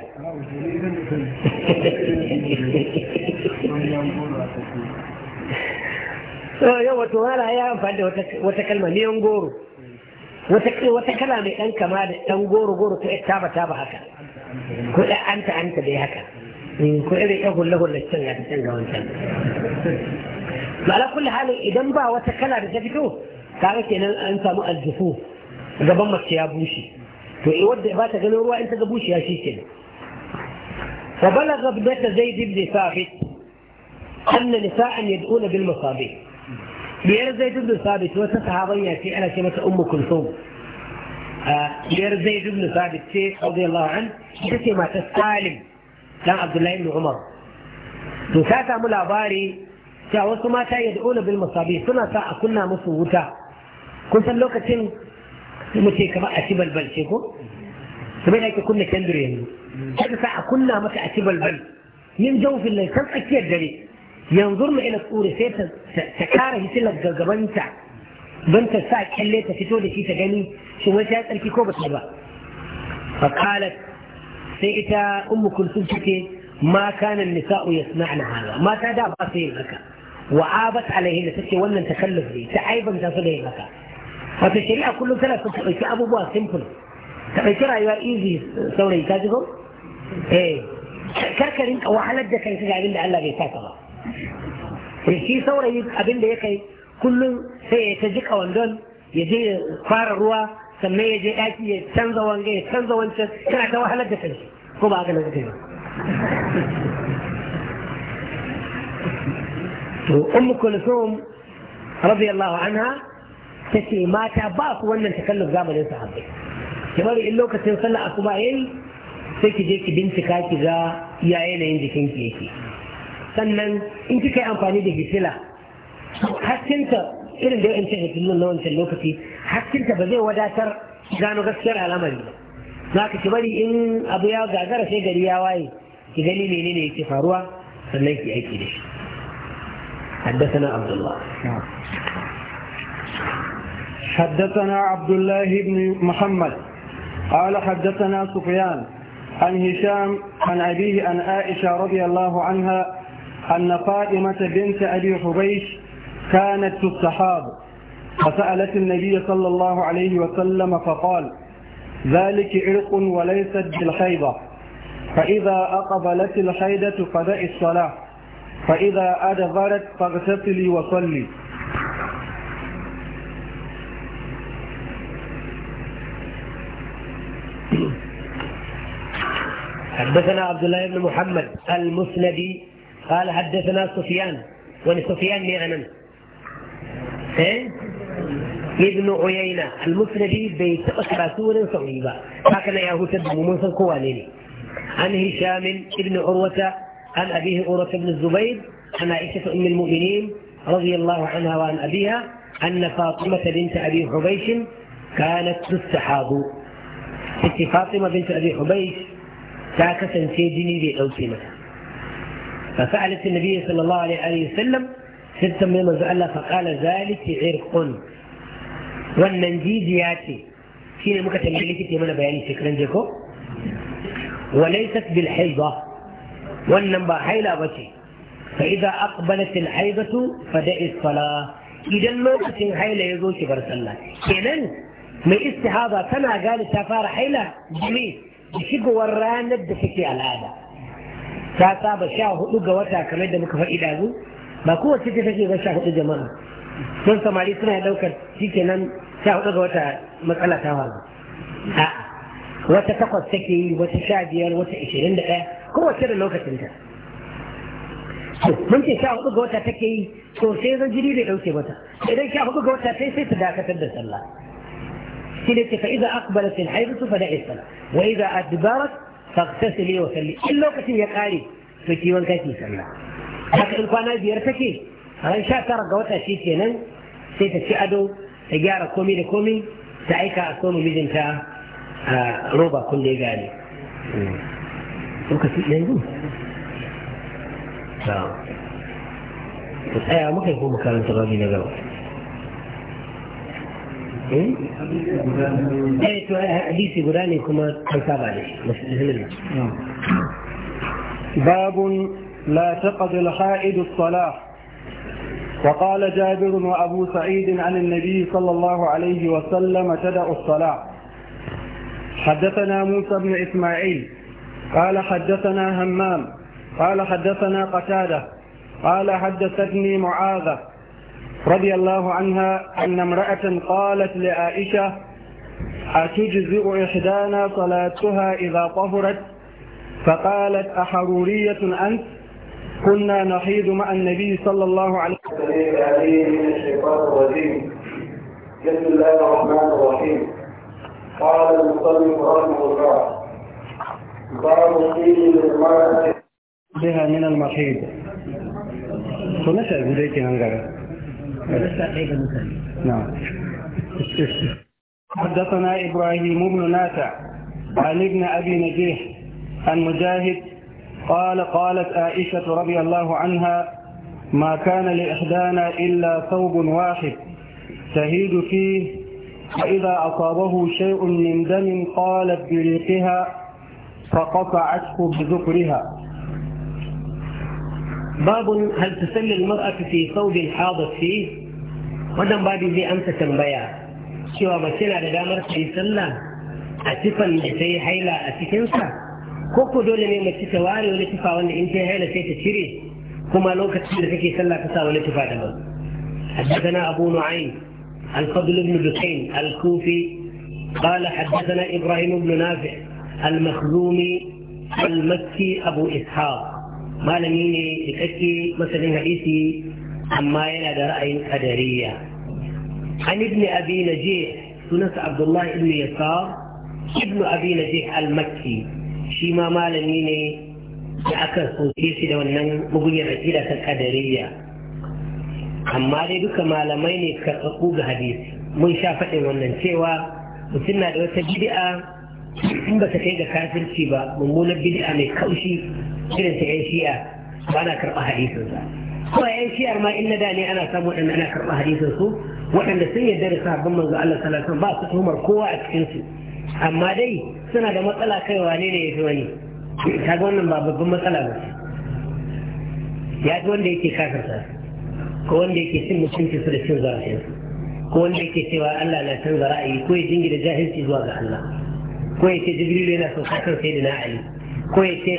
Speaker 1: yau wato wala ya amfani da wata kalma miyan goro wata kala mai ɗan kama da ɗan goro goro ta taba taba haka ko ɗan anta anta dai haka من كل يقول له لا تسنى تسنى وانسان ما على كل حال إذا مبا وتكلع بسفته قالت إن أنت مؤذفوه إذا بمت يا بوشي ويودع باتا قال له أنت قبوشي يا شيكين فبلغ بيت زيد بن ثابت أن نساء يدعون بالمصابيح بير زيد بن ثابت وتسعى ضيع في أنا كما أم كلثوم آه، بير زيد بن ثابت شيخ رضي الله عنه كلمه السالم dan abdullahi ibn umar to ta samu labari cewa wasu mata yad'una bil masabi suna sa a kunna musu wuta kun san lokacin mu ce kamar a ci balbal ce ko kuma da ake kunna kendir yanzu kada sa a kunna mata a ci balbal yin jawfin lai kan tsakiyar dare yanzu mu ila tsure sai ta kara hisilar gagabanta don ta sa kyalle ta fito da shi ta gani shin wai ta tsarki ko ba ta ba فقالت sai ita ummu kulsum take ma kana nisa'u yasna'na hada mata da ba su yin haka wa abat alaihin da take wannan takalluf ne ta aiban ta su da yin haka wata shari'a kullum tana son ta ɗauki abubuwa simple ta ɗauki rayuwa easy saurayi ka ji ko eh karkarin ka wahalar da kai ga abin da Allah bai saka ba eh, shi saurayi abin da ya kai kullum sai ya ta jika wandon ya je fara ruwa sannan ya je ɗaki ya canza wanga ya canza wancan kana ta wahalar da kai ko ba ga na kai ba to ummu kulsum radiyallahu anha tace mata ba ku wannan takalluf zamanin sahabbai kamar in lokacin sallah asuba sai ki je ki bincika ki ga ya yanayin jikinki yake sannan in kika yi amfani da hitila haskinta irin da wa'ancan hiddimin na wancan lokaci hakkinka ba zai wadatar gano gaskiyar al'amari ba za ka ci bari in abu ya gagara sai gari ya waye ki gani menene yake faruwa
Speaker 2: sannan ki aiki da shi حدثنا عبد الله حدثنا عبد الله بن محمد قال حدثنا سفيان عن هشام عن أبيه عن عائشة رضي الله عنها أن فاطمة بنت أبي حبيش كانت في السحاب فسألت النبي صلى الله عليه وسلم فقال ذلك عرق وليست بالحيضة فإذا أقبلت الخيضة فدأ الصلاة فإذا أدبرت فاغتسلي وصلي
Speaker 1: حدثنا عبد الله بن محمد المسندي قال حدثنا سفيان ولسفيان معنى ابن عيينة المسندي بيت أسرى سورا صعيبا هكذا يا هتد ممثل قوانين عن هشام ابن عروة عن أبيه عروة بن الزبيد عن عائشة أم المؤمنين رضي الله عنها وعن أبيها أن فاطمة بنت أبي حبيش كانت تستحاب ست فاطمة بنت أبي حبيش ساكت سيدني بأوسمة ففعلت النبي صلى الله عليه وسلم sai tambayi manzo Allah fa qala zalika wannan jijiya ce shine muka tambayi likita mana bayani shekaran jeko ko walaysat bil haidha wannan ba haila ba bace fa idza aqbalat al haidatu fada'i salah idan lokacin haila ya zo ki bar sallah kenan mai istihaba tana gani ta fara haila jimi da shigowar ranar da take al'ada ta saba sha hudu ga wata kamar da muka faɗi dazu ba kowace ce take ba sha hudu jama'a don samari suna daukar shikenan sha hudu ga wata matsala ta faru a wata takwas take yi wata sha biyar wata ishirin da ɗaya kowace da lokacinta mun ce sha hudu ga wata take yi to sai zan jiri bai ɗauke mata idan sha hudu ga wata sai sai ta dakatar da sallah shi ne ce fa iza akbalat al haidatu fa da'i sallah wa iza adbarat faghtasili wa salli in lokacin ya kare to kiwon kai sallah haka in kwana biyar take ran sha tara ga wata shi kenan sai ta ci ado ta gyara komi da komi ta aika a soma mijinta a roba kun da ya gane lokaci ɗaya ne ku tsaya muka yi ko karanta rabi na gaba eh, eh to eh, hadisi guda ne kuma an
Speaker 2: saba da shi babu لا تقضي الحائد الصلاة وقال جابر وأبو سعيد عن النبي صلى الله عليه وسلم تدع الصلاة حدثنا موسى بن إسماعيل قال حدثنا همام قال حدثنا قتادة قال حدثتني معاذة رضي الله عنها أن امرأة قالت لعائشة أتجزئ إحدانا صلاتها إذا طهرت فقالت أحرورية أنت كنا نحيد مع النبي صلى الله عليه وسلم بسم الله الرحمن الرحيم قال المصلي رحمه الله باب في المرأة بها من المحيض كنا شايفين عن هنغرا نعم حدثنا إبراهيم بن نافع عن ابن أبي نجيح عن مجاهد قال قالت عائشة رضي الله عنها ما كان لإحدانا إلا ثوب واحد تهيد فيه فإذا أصابه شيء من دم قالت بريقها فقطعته بذكرها
Speaker 1: باب هل تسلي المرأة في ثوب حاضر فيه ودم بابي zai أمسة tambaya شوى mace na da damar ta yi حيلة a tifan koko dole ne mace ta ware wani tufa wanda in ta haila sai ta cire kuma lokacin da kake sallah ka sa wani tufa daban حدثنا أبو نعيم الفضل بن دكين الكوفي قال حدثنا إبراهيم بن نافع المخزومي المكي أبو إسحاق ما لم يني لكي مثلا حديثي أما ينادى رأي قدرية عن ابن أبي نجيح سنة عبد الله بن يسار ابن أبي نجيح المكي shi ma malami ne da aka soke shi da wannan mugunyar aƙida ta ƙadariya amma dai duka malamai ne karɓaɓɓu ga hadisi mun sha faɗin wannan cewa mutum na da wata bid'a in ba ta kai ga kafirci ba mummunar bid'a mai kaushi irin ta 'yan shi'a ba na karɓa hadisinsa kuma 'yan shi'ar ma in na da ne ana samu waɗanda ana karɓa hadisinsu waɗanda sun yarda da sahabban manzo Allah sallallahu alaihi wasallam ba su tuhumar kowa a cikin su amma dai suna da matsala kai wane ne ya fi wani kaga wannan ba babban matsala ba ya fi wanda yake kafirta ko wanda yake cin mutunci su da cin zarafin ko wanda yake cewa Allah na canza ra'ayi ko ya jingi da jahilci zuwa ga Allah ko ya ce Jibril yana sauka kan sai da na'ali ko ya ce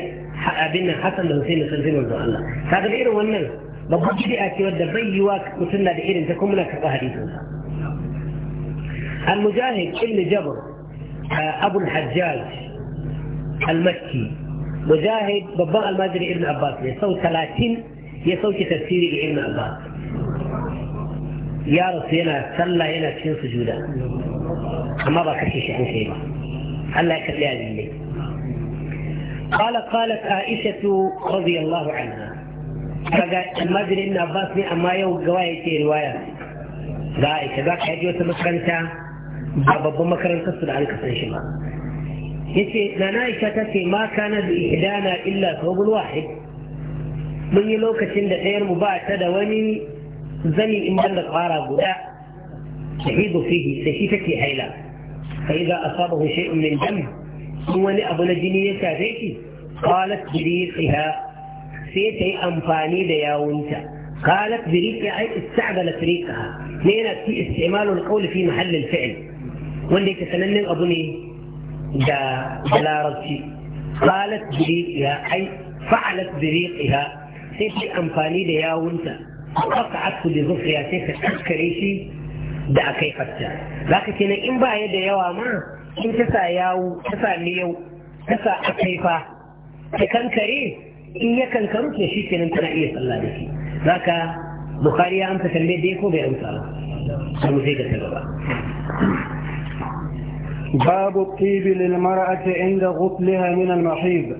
Speaker 1: abin nan Hassan da Hussein sun fi manzo Allah kaga da irin wannan babban bid'a ce wadda bai yiwa mutum na da irin ta kuma na karɓa hadisinsa sa al-mujahid ibn jabr آه، أبو الحجاج المكي بابا ما ادري ابن عباس يسوي ثلاثين يسوي تفسير ابن عباس يا رسول الله صلى هنا تشين سجودا ما بقى شيء عن شيء الله يخلي لي قال قالت عائشة رضي الله عنها ما ادري ابن عباس اما يوم قوايتي روايه قائشه ذاك حجوة مسكنتها ba babban makarantar su da an kasan shi ba yace na Aisha ta ce ma kana bi ihdana illa thawbul wahid mun yi lokacin da ɗayar mu ba ta da wani zani in ban da tsara guda shahidu fihi sai shi take haila fa idza asabahu shay'un min dam in wani abu na jini ya shafe shi qalat bi riqiha sai ta yi amfani da yawunta قالت بريقها أي استعملت ريقها لأن في استعمال القول في محل الفعل wanda yake sanannen abu ne da larabci qalat biriqiha ai fa'alat biriqiha sai ta amfani da yawunta qata'at da zufriya sai ka tsakare shi da akai fatta zaka kenan in ba yadda yawa ma in ta sa yawu ta sa miyau ta sa akai fa ta kankare in ya kankaru ke shi kenan tana iya sallah da shi zaka bukhari ya amsa tambaye da ko bai amsa ba sai mu sai ka ba
Speaker 2: باب الطيب للمرأة عند غسلها من المحيض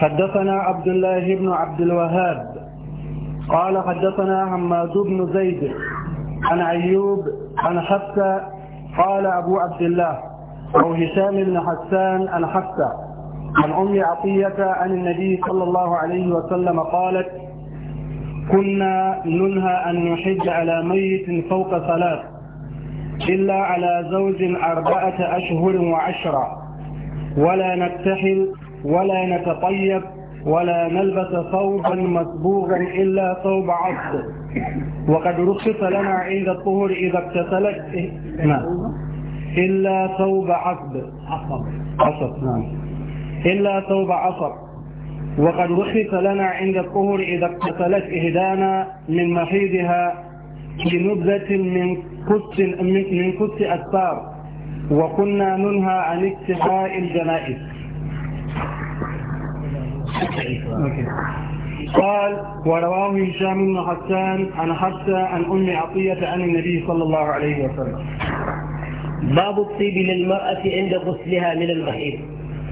Speaker 2: حدثنا عبد الله بن عبد الوهاب قال حدثنا حماد بن زيد عن أيوب عن حفصة قال أبو عبد الله أو هشام بن حسان عن حفصة عن أم عطية عن النبي صلى الله عليه وسلم قالت كنا ننهى أن نحج على ميت فوق ثلاث إلا على زوج أربعة أشهر وعشرة ولا نكتحل ولا نتطيب ولا نلبس ثوبا مسبوغا إلا ثوب عبد وقد رخص لنا عند الطهر إذا اغتسلت إيه، نعم. إلا ثوب عبد عصب نعم إلا ثوب عصب وقد رخص لنا عند الطهر إذا اغتسلت إهدانا من محيدها بنبذة من قدس من قدس أستار وكنا ننهى عن اتباع الجنائز قال ورواه هشام بن حسان عن حتى عن أم عطية عن النبي صلى الله عليه وسلم باب الطيب للمرأة عند غسلها من المحيط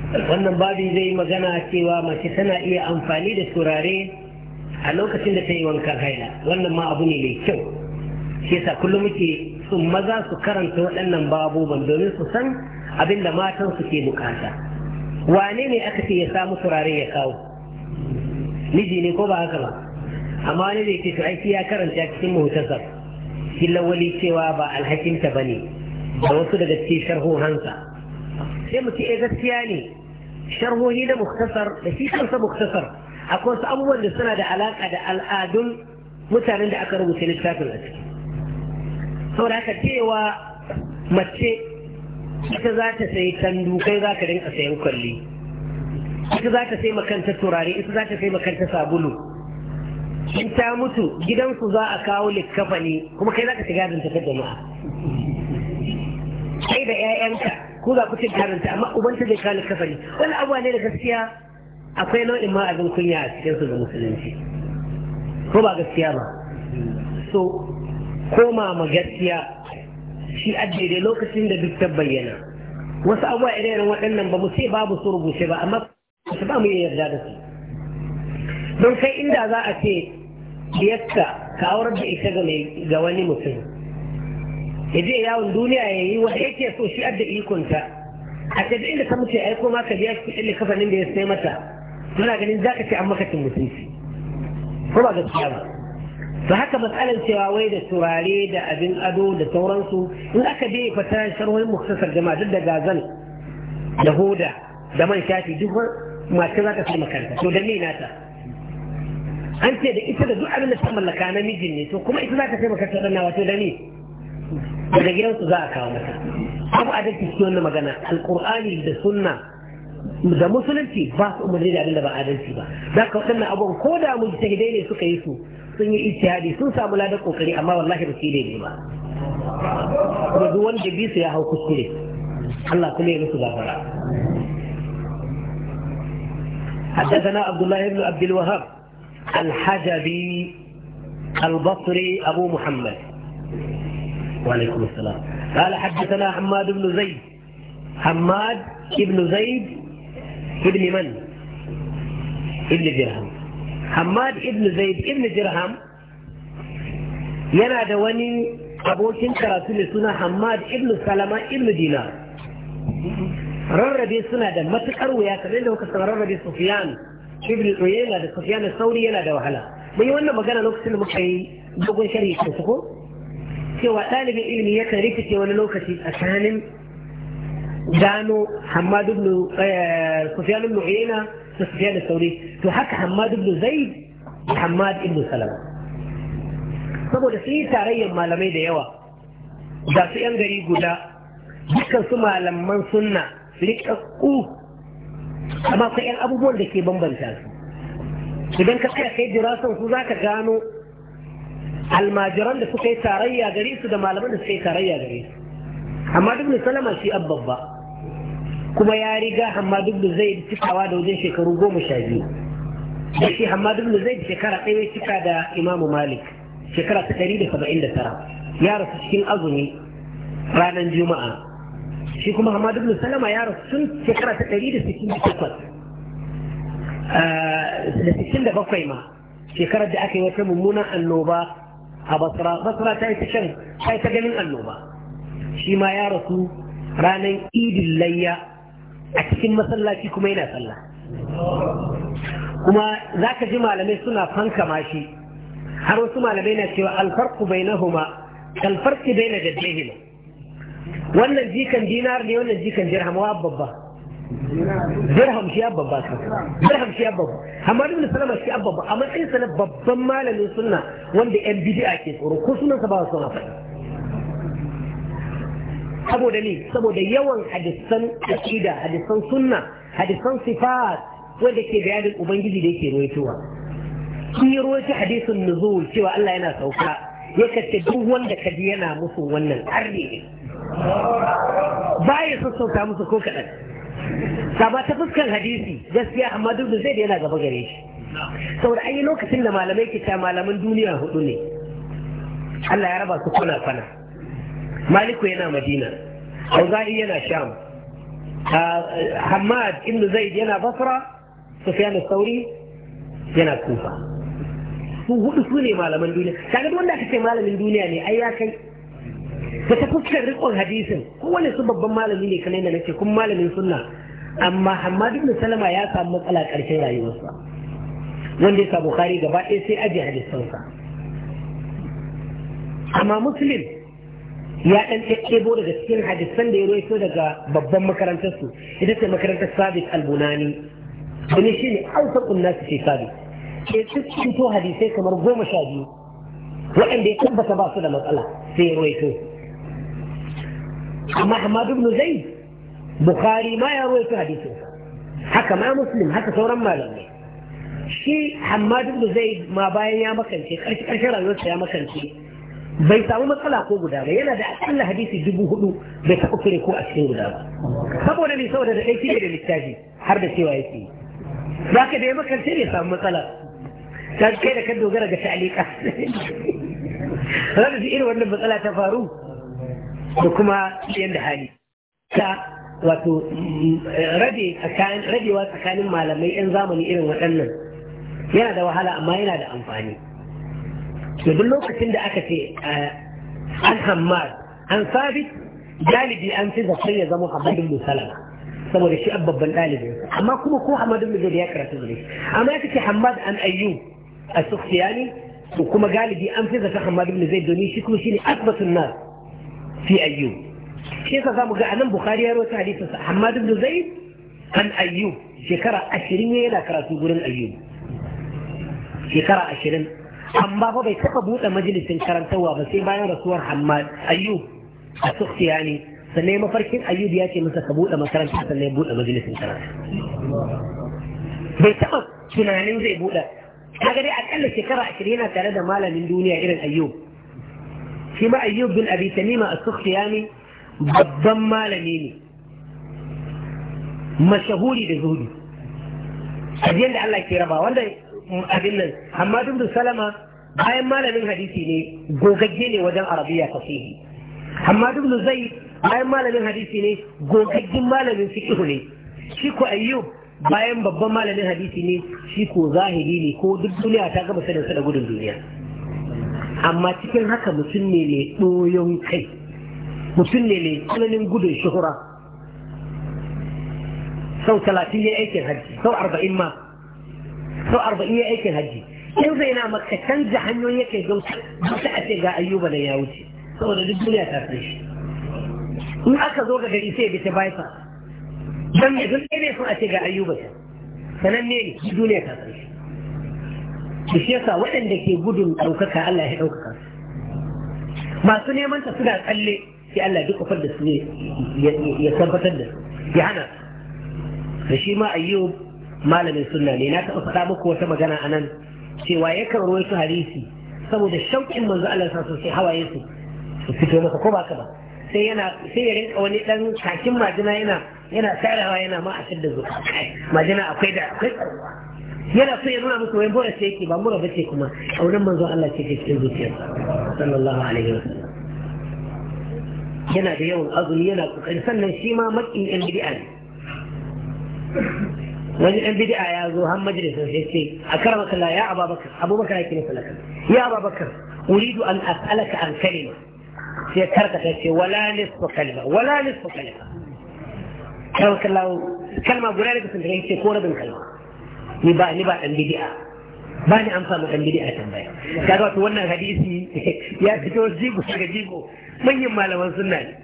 Speaker 1: wannan babi zai magana cewa mace tana iya amfani da turare a lokacin da ta yi wankan haila wannan ma abu ne mai kyau shi yasa kullum muke su maza su karanta waɗannan babuban domin su san abin da matan su ke bukata wane ne aka ce ya samu turare ya kawo miji ne ko ba haka ba amma wani da yake aiki ya karanta cikin shi lawali cewa ba alhakinta bane da wasu daga cikin sharhohansa sai mu ce eh, gaskiya ne sharhohi da muktasar da shi kansa muktasar akwai wasu abubuwan da suna da alaka da al'adun mutanen da aka rubuta littafin a ciki saboda haka cewa mace ita za ta sayi tandu kai za ka rinka sayan kwalli ita za ta sai makanta turare ita za ta sai makanta sabulu in ta mutu gidansu za a kawo likkafa ne kuma kai za ka shiga zanta ta jama'a kai da 'ya'yanka ko za ku ci gadon amma amma ubanta zai kawo likkafa ne wani abuwa ne da gaskiya akwai nau'in ma abin kunya a cikin su da musulunci ko ba gaskiya ba so koma ma gaskiya shi ajiye lokacin da duk ta bayyana wasu abuwa irin waɗannan ba mu sai babu su rubuce ba amma su ba mu yi yarda da su don kai inda za a ce biyarka ka aurar da ita ga wani mutum ya je yawon duniya ya yi wa yake so shi adda ikonta a ce inda ta mutu ya koma ka biya kuɗin da kafanin da ya sai mata muna ganin za ka ce an makacin mutunci ko ba gaskiya ba da haka matsalar cewa wai da turare da abin ado da sauransu in aka je fata sharhohin muktasar jama'a duk da gazal da hoda da man shafi duk masu za ka sai makaranta to da ta an ce da ita da duk abin da ta mallaka namijin ne to kuma ita za ta sai makaranta ɗan wato da ni daga gidansu za a kawo mata abu a dace cikin wannan magana alƙur'ani da sunna da musulunci ba su umarni da abin da ba adalci ba za ka waɗannan abubuwan ko da mu ne suka yi su sun yi ijtihadi sun samu ladan kokari amma wallahi ba su yi daidai ba kuma duk wanda bi su ya hau kuskure Allah kuma ya musu gafara حدثنا عبد الله بن عبد الوهاب الحجبي البصري أبو محمد وعليكم السلام قال حدثنا حماد بن زيد حماد بن زيد ابن من؟ ابن درهم hamad ibn zaid ibn dirham yana da wani abokin karatu mai suna hamad ibn salama ibn Dina. rarrabe suna da matuƙar wuya kamar da kuka san rarrabe sufyan ibn uyayna da sufyan sauri yana da wahala mun yi wannan magana lokacin da muka yi dogon sharhi ko ko cewa ɗalibin ilimi ya kan rikice wani lokaci tsakanin gano hamad ibn eh, sufyan ibn uyayna da Sufyan da thawri to haka Hammad ibn Zaid da ibn Salama saboda sun yi tarayyar malamai da yawa ga su yan gari guda dukkan su malaman sunna riƙaƙƙu amma akwai yan abubuwan da ke bambanta su idan ka tsaya kai jirasan su za ka gano almajiran da suka yi tarayya gare su da malaman da suka tarayya gare su amma duk salama shi abba kuma ya riga hamadu bin zai cikawa da wajen shekaru goma sha biyu da shi hamadu zai da shekara ɗaya cika da imamu malik shekara ta ɗari da saba'in da tara ya rasu cikin azumi ranar juma'a shi kuma hamadu da salama ya rasu tun shekara ta ɗari da sittin da takwas ah, da sittin da bakwai ma shekarar da aka yi wata mummunan annoba a basra basra ta yi ta shan ta yi ta ganin annoba shi ma ya rasu ranar idin layya a cikin masallaci kuma yana sallah kuma za ka ji malamai suna fanka mashi har wasu malamai na cewa alfarku bai na huma kalfarki bai na jaddahima wannan jikan dinar ne wannan jikan dirham wa babba dirham shi ya babba ka dirham shi ya babba amma ibn salama shi ya babba a matsayin sa na babban malamin sunna wanda yan bid'a ke tsoro ko sunansa ba su na faɗi saboda ne saboda yawan hadisan aqida hadisan sunna hadisan sifat wanda ke bayanin ubangiji da yake ruwaitowa shi ya ruwaito hadisin nuzul cewa Allah yana sauka ya kace duk wanda ka ji yana musu wannan arne ne baya sassauta musu ko kaɗan ba ta fuskan hadisi gaskiya amma duk da zai da yana gaba gare shi saboda an yi lokacin da malamai ke ta malaman duniya hudu ne Allah ya raba su kwana kwana maliku yana madina auza'i yana sham ah, hamad ibn zaid yana basra sufyan al-thawri yana kufa su hudu su ne malaman duniya kaga wanda aka ce malamin duniya ne ai ya kai da ta fuskar rikon hadisin kowane su babban malami ne kamar yadda nace kuma malamin sunna amma hamad ibn salama ya samu matsala karshen rayuwarsa wanda ya sa bukhari gaba ɗaya sai aje hadisansa amma muslim ya dan ɗebo daga cikin hadisan da ya roito daga babban makarantar su ita ce makarantar sabit albunani ne shi ne ausa kunna su ce sabit ke cikin to hadisai kamar goma sha biyu waɗanda ya tabbata ba su da matsala sai ya roito amma hamadu ibn zai bukhari ma ya roito hadisin haka ma muslim haka sauran malamai shi hamadu ibn zai ma bayan ya makance ƙarshen rayuwarsa ya makance bai samu matsala ko guda ba yana da akalla hadisi dubu hudu bai taɓa fure ko a cikin guda ba saboda ne saboda da ɗauki ne da littafi har da cewa yake za ka da ya makance ne samu matsala ta kai da kan dogara ga ta'alika za ka ji irin wannan matsala ta faru da kuma yadda hali ta wato rabewa tsakanin malamai 'yan zamani irin waɗannan yana da wahala amma yana da amfani to duk lokacin da aka ce an hammad an sabit galibi an fi zaton ya zama abadin musalama saboda shi an babban ɗalibin amma kuma ko hamadun mu ya karatu gare amma ya kace hammad an ayyu a sufiyani to kuma galibi an fi zaton hammad ibn zaid domin shi kuma shine asbatun nas fi ayyu shi yasa zamu ga anan bukhari ya rawaita hadisin hammad ibn zaid an ayyu shekara 20 yana karatu gurin ayyu shekara 20 amma fa bai taɓa buɗe majalisin karantarwa ba sai bayan rasuwar hamad ayyub a sufiya ne sannan mafarkin ayyub ya ce masa ka buɗe makaranta sannan ya buɗe majalisin karanta bai taɓa tunanin zai buɗe kaga dai akalla shekara ashirin yana tare da malamin duniya irin ayyub shi ma ayyub bin abi tamima as-sufiya ne babban malami ne mashahuri da zuhudu ajiyar da Allah ke raba wanda abin nan amma duk da salama bayan malamin hadisi ne gogagge ne wajen arabiya fasihi amma duk da zai bayan malamin hadisi ne gogaggen malamin fiqh ne shi ko ayyub bayan babban malamin hadisi ne shi ko zahiri ne ko duk duniya ta gaba sanin sa da gudun duniya amma cikin haka mutum ne mai doyon kai mutum ne mai tsananin gudun shuhura sau talatin ya aikin hajji sau arba'in ma sau arba'in ya aikin hajji in zai na maka canza hanyoyi yake gauta gauta a ce ga ayyuba da ya wuce saboda duk duniya ta san shi in aka zo ga gari sai bi ta baifa dan me duk ne sun a ce ga ayyuba ta sanan ne duk duniya ta san shi to shi yasa waɗanda ke gudun ɗaukaka Allah ya ɗaukaka masu neman ta suna tsalle sai Allah duk kufar da su ne ya tabbatar da su ya hana da shi ma ayyub malamin sunna ne na taɓa faɗa muku wata magana a nan cewa yakan ruwaito hadisi saboda shauƙin manzo Allah sa sosai hawaye su su fito masa ko ba ka ba sai yana sai ya rinka wani dan kakin majina yana yana tarawa yana ma a da zuwa majina akwai da akwai tsaruwa yana so ya nuna musu wai bora sai yake ba mura bace kuma a wurin manzo Allah ce cikin zuciyarsa sallallahu alaihi sallam yana da yawan azumi yana kokari sannan shi ma makin yan bid'a ne wani ɗan bid'a ya zo har majalisar sai ce a karama kalla ya ababakar abubakar ya kina salaka, ya ababakar uridu an as'alaka an kalima sai karkata ce wala nisfu kalima wala nisfu kalima karama kalla kalma guda da kusan daga ce ko rabin kalma ni ba ni ba ɗan bid'a ba ni amsa ma ɗan bid'a tambaya kaga wato wannan hadisi ya fito jigo daga jigo manyan malaman sunna ne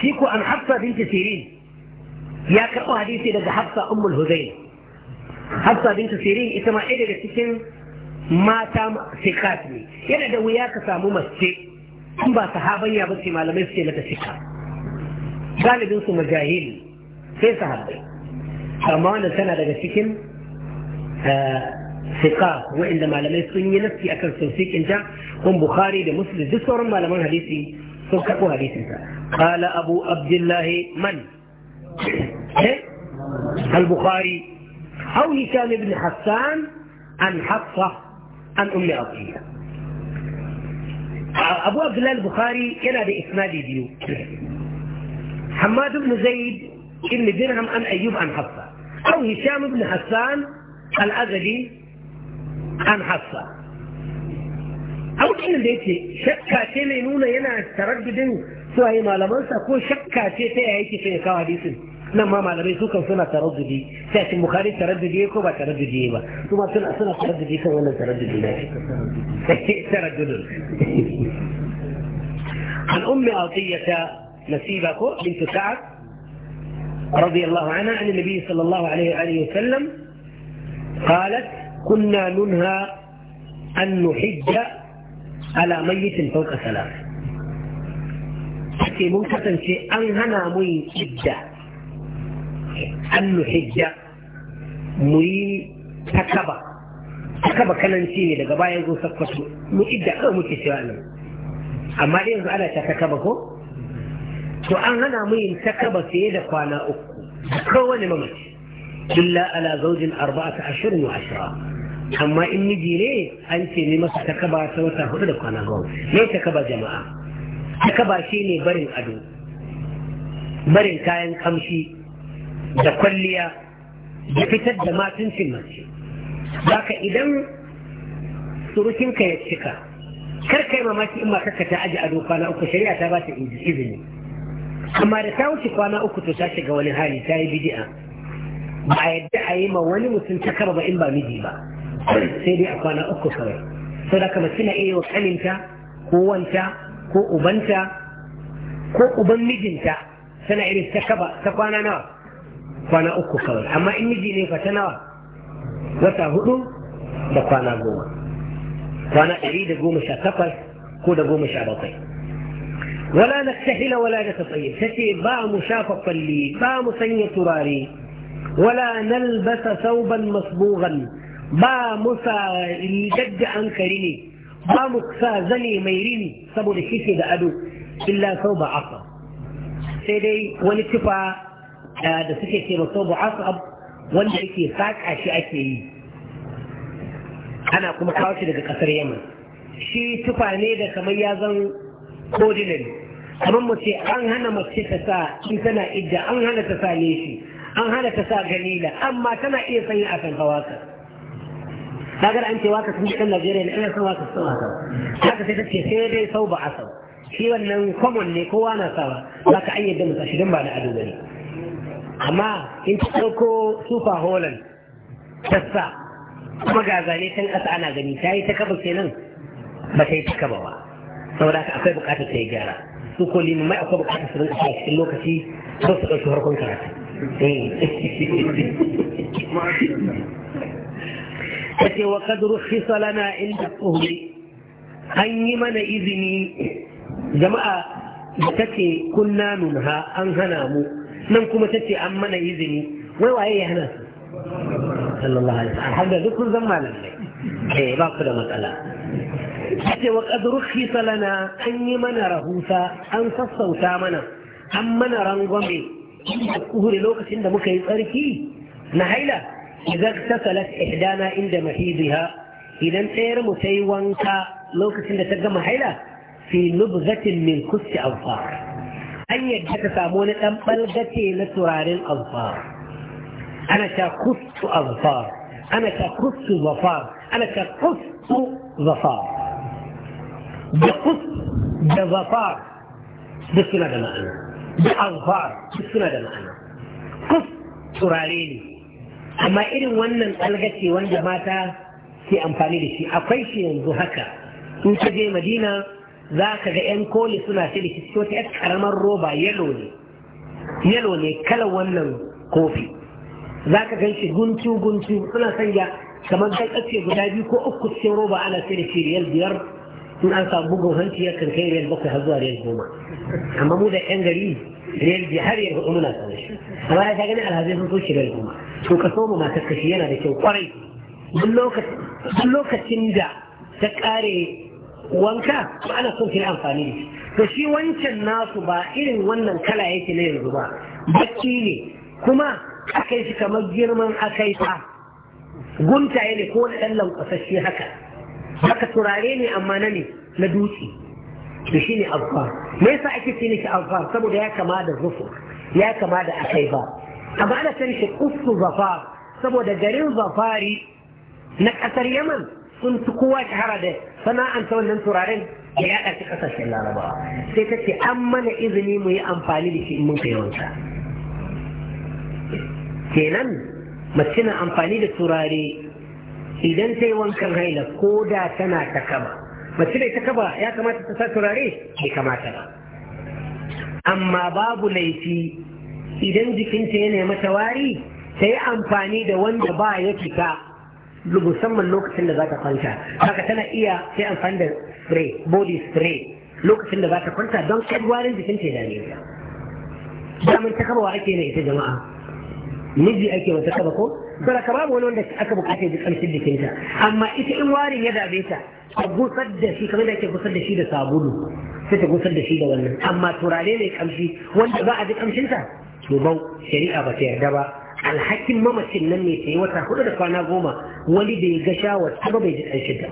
Speaker 1: shi ko an hafsa binti sirin ya karɓo hadisi daga hafsa ummul huzayl hafsa bintu sirin ita ma ɗaya daga cikin mata sikat ne yana da wuya ka samu mace in ba sahabanya ba ce malamai suke mata sika galibin su majahili sai sahabbai amma wannan tana daga cikin eh, sika wa'inda malamai sun yi nafsi akan sausikin ta kun bukhari da muslim duk sauran malaman hadisi sun karɓo hadisinsa qala abu abdullahi man
Speaker 4: إيه؟ البخاري
Speaker 1: أو هشام بن حسان عن حفصة عن أم عطية أبو عبد الله البخاري كان بإسناد ديو حماد بن زيد بن درهم عن أيوب عن حفصة أو هشام بن حسان الأزدي عن حفصة أو كان da شكا shakka ينون mai nuna cewa yi malamansa ko shakka ce ta yaya yake ya kawo hadisin nan ma malamai su kan suna taraddudi sai a ce bukari taraddudi ko ba taraddudi ba su ma suna suna taraddudi kan wannan taraddudi ne taraddudun عن أم عطية نسيبة بنت كعب رضي الله عنها عن النبي صلى الله عليه وآله وسلم قالت كنا ننهى أن نحج على ميت فوق ثلاث ake mun kasance an hana mu yi idda an hijja mu yi takaba takaba kananci ne daga baya zo sakwato mu idda kawai muke cewa nan amma dai yanzu ana ta takaba ko to an hana mu yin takaba fiye da kwana uku kowane mamaci illa ala zaujin arba'ata ashirin wa ashira amma in miji ne an ce ne masa takaba ta wata hudu da kwana goma ne takaba jama'a haka ba shi ne barin ado barin kayan kamshi da kwalliya da fitar da matuncin mace ka idan surukinka ya cika kar yi mamaki in ka ta aji ado kwana uku shari'a ta ba ta izini amma da ta wuce kwana uku to ta shiga wani hali ta yi bidi'a ba a yadda a yi ma wani mutum ta kaba ba in ba miji ba sai dai a kwana uku kawai sau da kama suna iya wa kaninta ko wanta ko ubanta ko uban mijinta tana irin ta kaba ta kwana nawa kwana uku kawai amma in miji ne fa ta nawa wata hudu da kwana goma kwana ɗari da goma sha takwas ko da goma sha bakwai ولا na ولا نتطيب تتي با ta ce با mu تراري ولا نلبس ثوبا مصبوغا با مسا يجد sauban ba mu sa zane mai rini saboda shi ke da ado illa sau ba asa sai dai wani tufa da suke ce ba sau ba asa wanda yake saƙa shi ake yi ana kuma kawo shi daga ƙasar yaman shi tufa ne da kamar ya zan ordinary kamar mu an hana mace ta sa in tana idda an hana ta sa leshi an hana ta sa ganila amma tana iya sanya a kan ka. kagar da an ce waka sun kan Najeriya ne ina son waka sun haka haka sai ce sai dai sau ba a sau. shi wannan common ne kowa na sawa zaka ayyade mu shi dan ba na ado bane amma in ta dauko super holland tassa kuma ga zane kan ƙasa ana gani ta yi ta kaba kenan ba ta yi ta kaba ba saboda haka akwai bukatar ta yi gyara su ko mai akwai bukatar su rinka cikin lokaci don su ɗauki harkon karatu eh. yace wa qad rukhisa lana inda tuhri an yi mana izini jama'a da tace kunna nunha an hana mu nan kuma tace an mana izini wai waye ya hana sallallahu alaihi wasallam alhamdulillah duk kun zan malamai eh ba ku da matsala yace wa qad rukhisa lana an yi mana rahusa an sassauta mana an mana rangwame kuhure lokacin da muka yi tsarki na haila إذا اغتسلت إحدانا عند محيضها إذا تير كا لو كنت تجمع حيلة في نبغة من كس أظفار أن يجهك سامونة أم بلغتي لترار الأظفار أنا كس أظفار أنا كس ظفار أنا كس ظفار بقص بظفار بسنة معنى بأظفار بسنة معنى قص تراريني amma irin wannan algace wanda mata ke amfani da shi akwai shi yanzu haka in ka je madina za ka ga 'yan koli suna shi da shi cikin wata karamar roba yalo ne yalo ne kalar wannan kofi za ka gan shi guntu guntu suna sanya kamar galƙace guda biyu ko uku cikin roba ana sai da shi riyal biyar in an samu bugun hanci ya kan riyal bakwai har zuwa riyal goma amma mu da 'yan gari ليل بحري يقولون أتوش أما لا تجنع على هذه الفنطوش للهم شو كثوم ما تكشينا بشو قري بلوك تنزع تكاري وانكا وانا صوت الانفاني فشي وانك الناس بائل وانا انكلا عيتي ليل الغباء بكيلي كما أكيس كما جرما أكيسا قلت عيني كون ألا مقصشي هكا هكا تراريني أمانني لدوتي da shi ne alfar me yasa ake ce niki alfar saboda ya kama da zufu ya kama da akai ba amma ana ce miki ussu zafar saboda garin zafari na ƙasar yaman sun fi kowa shahara da sana'anta wannan turaren da ya ɗaci ƙasashen larabawa sai ta ce an mana izini mu yi amfani da shi mun kai wanka kenan mace na amfani da turare idan ta yi wankan haila ko da tana ta kama mace da ita kaba ya kamata ta sa turare bai kamata ba amma babu laifi idan jikinta yana mata wari ta yi amfani da wanda ba ya fita musamman lokacin da za ta kwanta haka tana iya sai amfani da spray body spray lokacin da za ta kwanta don kadwarin jikinta ya dame ta damar ta kaba wa ake na ita jama'a miji ake wata kaba ko saboda ka babu wani wanda aka bukata ji kamshin jikinta amma ita in warin ya dabe ta a gusar da shi kamar da ake gusar da shi da sabulu sai ta gusar da shi da wannan amma turare mai kamshi wanda ba a ji kamshinta to bau shari'a ba ta yarda ba alhakin mamacin nan ne sai wata hudu da kwana goma wani bai ga shawar ba bai ji ƙarshen ta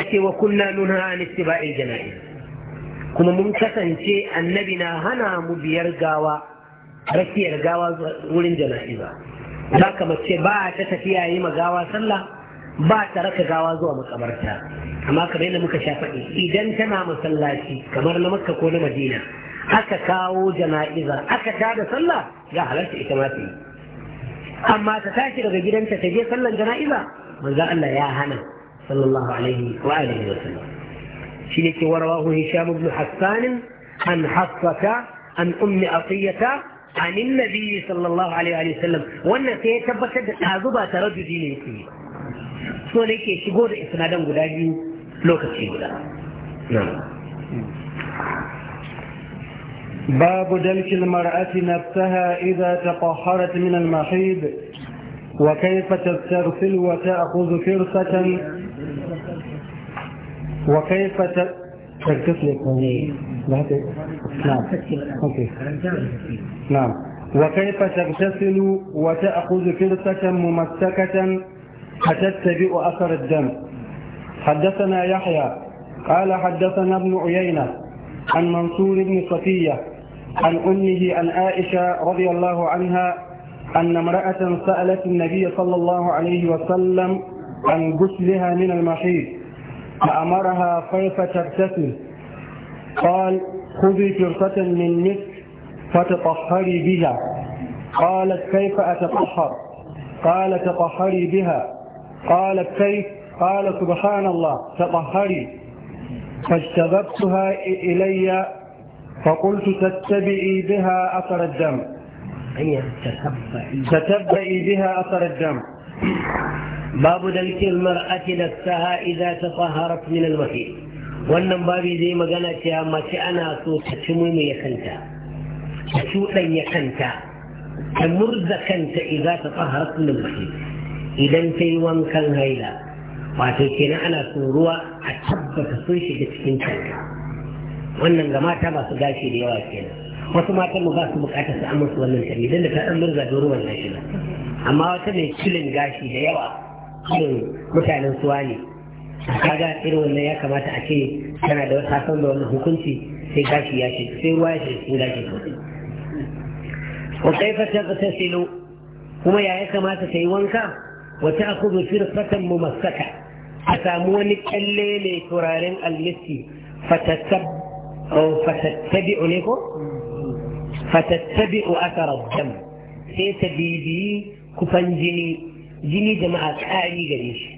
Speaker 1: ake wa kunna nuna an istiba'i jana'i kuma mun kasance annabi na hana mu biyar gawa rakiyar gawa wurin jana'iza za ka mace ba ta tafiya yi ma gawa sallah ba ta raka gawa zuwa makabarta amma kamar yadda muka sha faɗi idan tana masallaci kamar na makka ko na madina aka kawo jana'iza aka ta da sallah ga halarta ita ma yi amma ta tashi daga gidanta ta je sallan jana'iza manzo Allah ya hana sallallahu alaihi wa alihi wa شنيك ورواه هشام بن حسان عن حفصة عن أم عطيه عن النبي صلى الله عليه وسلم وأن سيتبت تعذبة رجل دينيكي so ne ke shigo da isnadan guda biyu lokaci guda.
Speaker 2: باب دلك المرأة نفسها إذا تطهرت من المحيض وكيف تستغسل وتأخذ فرصة وكيف تغتسل نعم نعم. نعم وكيف تغتسل وتأخذ فرصة ممسكة فتتبئ أثر الدم حدثنا يحيى قال حدثنا ابن عيينة عن منصور بن صفية عن أمه عن عائشة رضي الله عنها أن امرأة سألت النبي صلى الله عليه وسلم عن غسلها من المحيط فأمرها كيف تغتسل قال خذي فرقة من مسك فتطهري بها قالت كيف أتطهر قال تطهري بها قالت كيف قال سبحان الله تطهري فاجتذبتها إلي فقلت تتبعي بها أثر الدم تتبعي بها أثر الدم babu
Speaker 1: dalkin mar'ati nafsaha idza tatahharat min al wannan babi zai magana cewa mace ana so ta ci ya kanta ta ya kanta ta murza kanta idza ta min al-mahid idan ta yi wankan haila wato kenan ana so ruwa a tabbata sun shiga cikin kanta wannan ga mata masu gashi da yawa kenan wasu matan mu ba su bukatar su amince wannan tabi dan da ta dan murza da ruwan nashi amma wata mai cilin gashi da yawa irin mutanen suwa ne kaga irin wannan ya kamata a ce tana da wata san da wani hukunci sai gashi ya ce sai ruwa ya ce cikin gashi sosai wa kaifa taghtasilu kuma ya ya kamata ta yi wanka wa bi firqatan mumassaka a samu wani kalle mai turaren almisti fatattabi'u ne ko fatattabi'u athara dam sai ta bibiyi kufan jini jini jama'a ƙari gare shi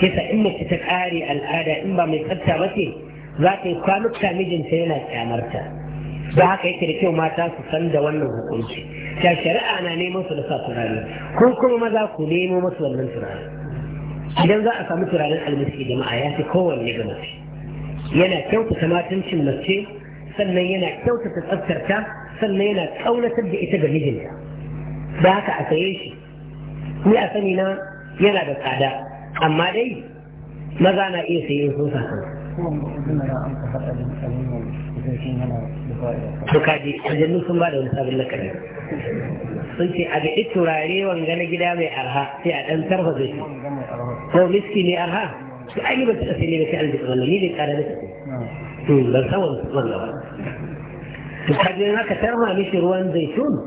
Speaker 1: yasa in mace ta ƙare al'ada in ba mai tsafta ba ce za ta yi kwanuka mijinta yana kyamarta da haka yake da kyau mata su san da wannan hukunci ta shari'a na neman su da sa turare ko kuma maza ku nemo masu wannan turare idan za a samu turaren almasi jama'a ya fi kowanne ga mace yana kyautata matancin mace sannan yana kyautata tsaftarta sannan yana kaunatar da ita ga mijinta da haka a saye shi ni a sani na yana da tsada amma dai maza na iya saye sun sa to kaji aljannu sun ba da wani sabon lakari sun ce a gaɗi turare wanga na gida mai arha sai a ɗan tarfa zai ko miski ne arha su an yi ba su ne ba sai an jiɓa wannan ni ne ƙara da su ban san wannan ba to kaji haka tarfa mishi ruwan zaitun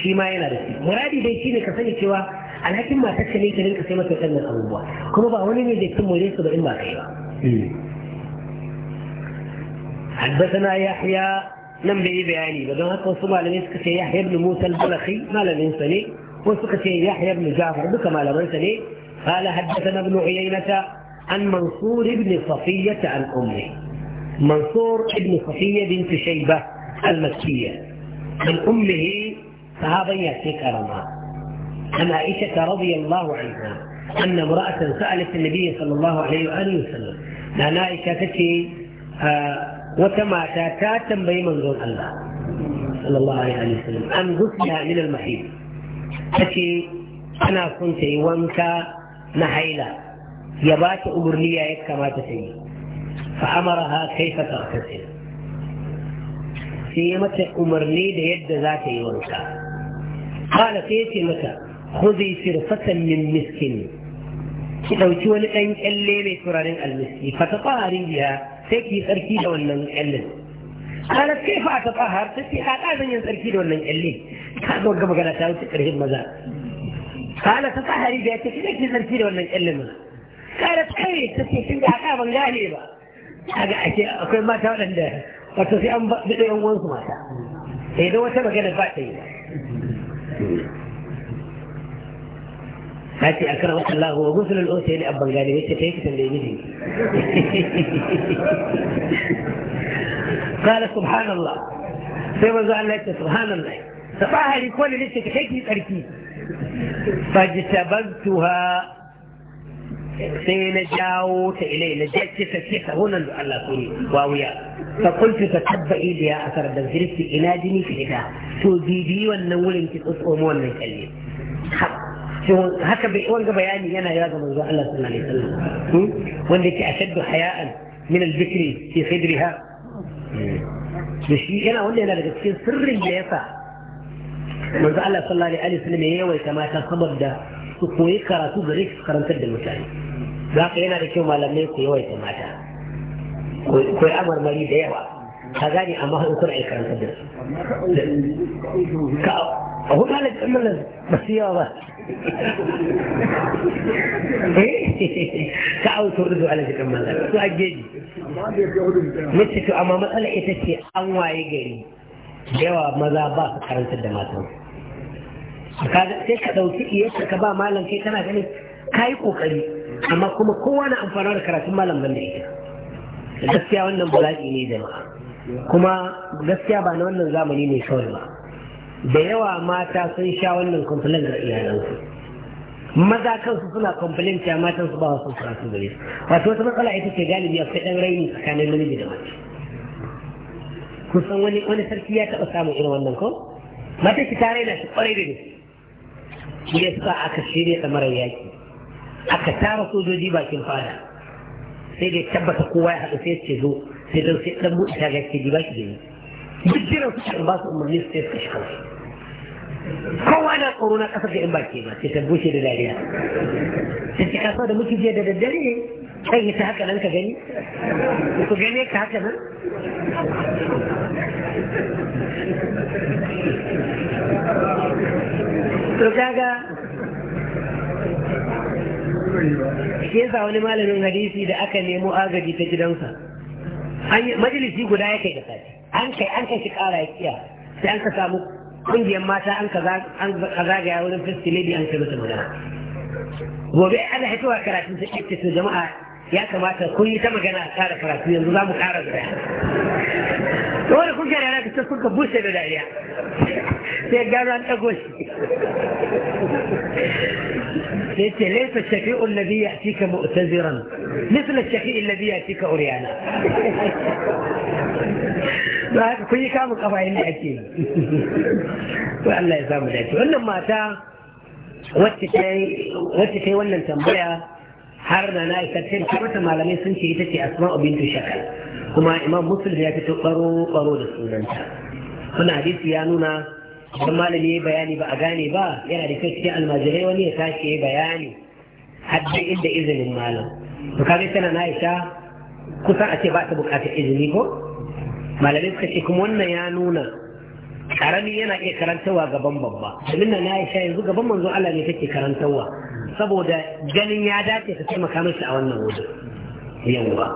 Speaker 1: shi ma yana da shi muradi dai ne ka sani cewa alhakin matar ka ne ka rinka sai mata waɗannan abubuwa kuma ba wani ne zai cin more su ba in ba kai ba حدثنا يحيى لم بي بياني بدون هكا وصبع لم يسكت يحيى بن موسى البلخي ما لم ينسني وسكت يحيى بن جعفر بك ما لم ينسني قال حدثنا ابن عيينة عن منصور بن صفية عن أمه منصور ابن صفية بنت شيبة المكية من أمه صحابا يأتيك أرمها عن عائشة رضي الله عنها أن امرأة سألت النبي صلى الله عليه وآله وسلم لأن عائشة تتي آه، وتما تاتا بين دون الله صلى الله عليه وآله وسلم أن غسلها من المحيط تتي أنا كنت وانك نحيلة يبات أمرني يا كما تتي فأمرها كيف تغتسل في ya أمر لي da yadda za ta yi wanka. khudhi sirfatan min miskin ki dauki wani dan mai turaren almiski fa tatahari biha sai ki tsarki da wannan kyallen kana kai fa ta tahar ta ce a kadan yin tsarki da wannan kyalle ka zo ga magana ta wuce karshen maza kana ta tahari biha ta ce ki tsarki da wannan kyalle ma kana kai ta ce kin ga ka ban gane ba a ake akwai mata waɗanda wato sai an bi da yan uwansu mata sai da wata magana ba ta
Speaker 4: yi
Speaker 1: هاتي أكرمك الله وغسل الأوسي لأبا لي ويش تيك تنبيني قال سبحان الله سيما زعل لك سبحان الله سبعها لكل ليش تحكي تركي فاجتبنتها جاو إليه نجأت تسيح هنا الله كوني واويا فقلت تتبعي لي يا أثر الدنسلسي إنادني ديني في إله توديدي والنول انت تسأمون من كلمة shin haka wanga bayani yana ya ga manzo Allah sallallahu alaihi wasallam hmm? wanda yake ashaddu haya'an min al-dhikri fi khidriha hmm. da shi yana wanda yana daga cikin sirrin da yasa manzo Allah sallallahu alaihi wasallam ya yawaita mata saboda su koyi karatu gare su karantar da mutane za ka yana da kyau malamai ku yawaita mata koyi amarmari da yawa ka gane amma in kuna aika karanta da su ka a hudu halin tsammanin ba su yawa ba eh? ka a wutar rudu ala jikin mallar su a geji mace to amma matsala ita ce an waye gari yawa maza ba su karanta da mata sai ka ɗauki iyaka ka ba malam kai tana ganin ka yi ƙoƙari amma kuma kowa na amfana da karatun malam ban da ita gaskiya wannan bala'i ne jama'a kuma gaskiya ba na wannan zamani ne kawai ba da yawa mata sun sha wannan complain da iyalansu maza kansu suna complain ta matan su ba wasu son karatu gare su wato wata matsala ita ce galibi a kai dan raini tsakanin namiji da mace kusan wani wani sarki ya taɓa samun irin wannan ko mata ki tare na shi kwarai da gaske shi ya sa aka shirya tsamarar yaki aka tara sojoji bakin fada sai da tabbata kowa ya haɗu sai ce zo sai dan sai dan buɗe taga ke ji ba ki gani duk jiran su in ba su umarni su sai suka shi kansu kowa na tsoro na kasar da in ba ke ba sai ta bushe da dariya sai ta kasa da muke jiya da daddare kai ita haka nan ka gani ku gane ka haka nan to kaga shi yasa wani malamin hadisi da aka nemo agaji ta gidansa majalisi guda ya kai da sati an kai an kai shi kara ya kiya sai an ka samu kungiyar mata an ka zagaya wurin fiski lady an kai mata magana gobe ana hitowa karatun ta ake su jama'a ya kamata kun yi ta magana a kara karatu yanzu za mu kara da daya. Wani kun kare ka ce kun bushe da dariya. سيجران أقول أنت ليس الشفيء الذي يأتيك مؤتزرا مثل الشفيء الذي يأتيك أريانا بعد كل كام قبائل يأتينا والله يسامح ذاته إنما تا وتشي شيء ولن تنبيا حرنا نايسة تشين حرنا ما لم يسن شيئتك أسماء بنت شكل كما إمام مسلم يأتي تقروا قروا لسولنا هنا حديث يانونا idan malami ya bayani ba a gane ba yana da kyau cikin almajirai wani ya tashi ya bayani hadda inda izinin malam to kaga tana na isa kusan a ce ba ta bukatar izini ko malamai suka ce kuma wannan ya nuna karami yana iya karantarwa gaban babba domin na na isa yanzu gaban manzo Allah ne take karantarwa saboda ganin ya dace ta taimaka masa a wannan wajen yawwa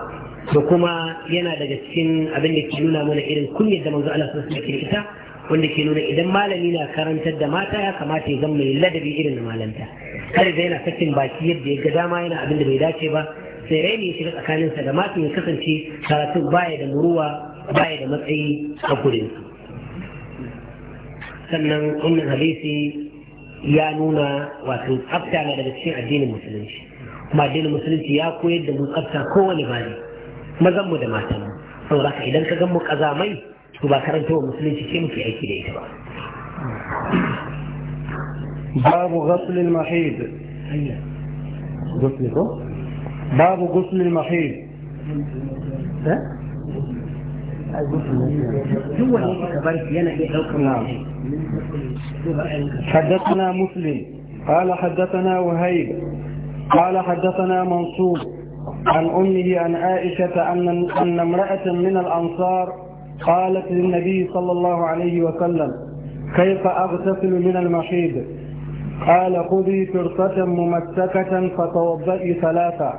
Speaker 1: to kuma yana daga cikin abin da ke nuna mana irin kunyar da manzo Allah sun ita wanda ke nuna idan malami na karantar da mata ya kamata ya zama mai ladabi irin na malanta da yana sakin baki yadda ya ga dama yana abin da bai dace ba sai raini ya shiga tsakaninsa da mata ya kasance karatu baya da muruwa baya da matsayi a kudinsu sannan wannan hadisi ya nuna wato tsafta na daga cikin addinin musulunci kuma addinin musulunci ya koyar da mu tsafta kowane bani mazan mu da matan mu saboda idan ka gan mu kazamai باب ba karanta wa musulunci ce
Speaker 2: غسل ko باب غسل المحيض حدثنا مسلم قال حدثنا وهيب قال حدثنا منصور عن أمه عن عائشة أن, أن امرأة من الأنصار قالت للنبي صلى الله عليه وسلم كيف أغتسل من المحيض قال خذي فرصة ممسكة فتوضئي ثلاثة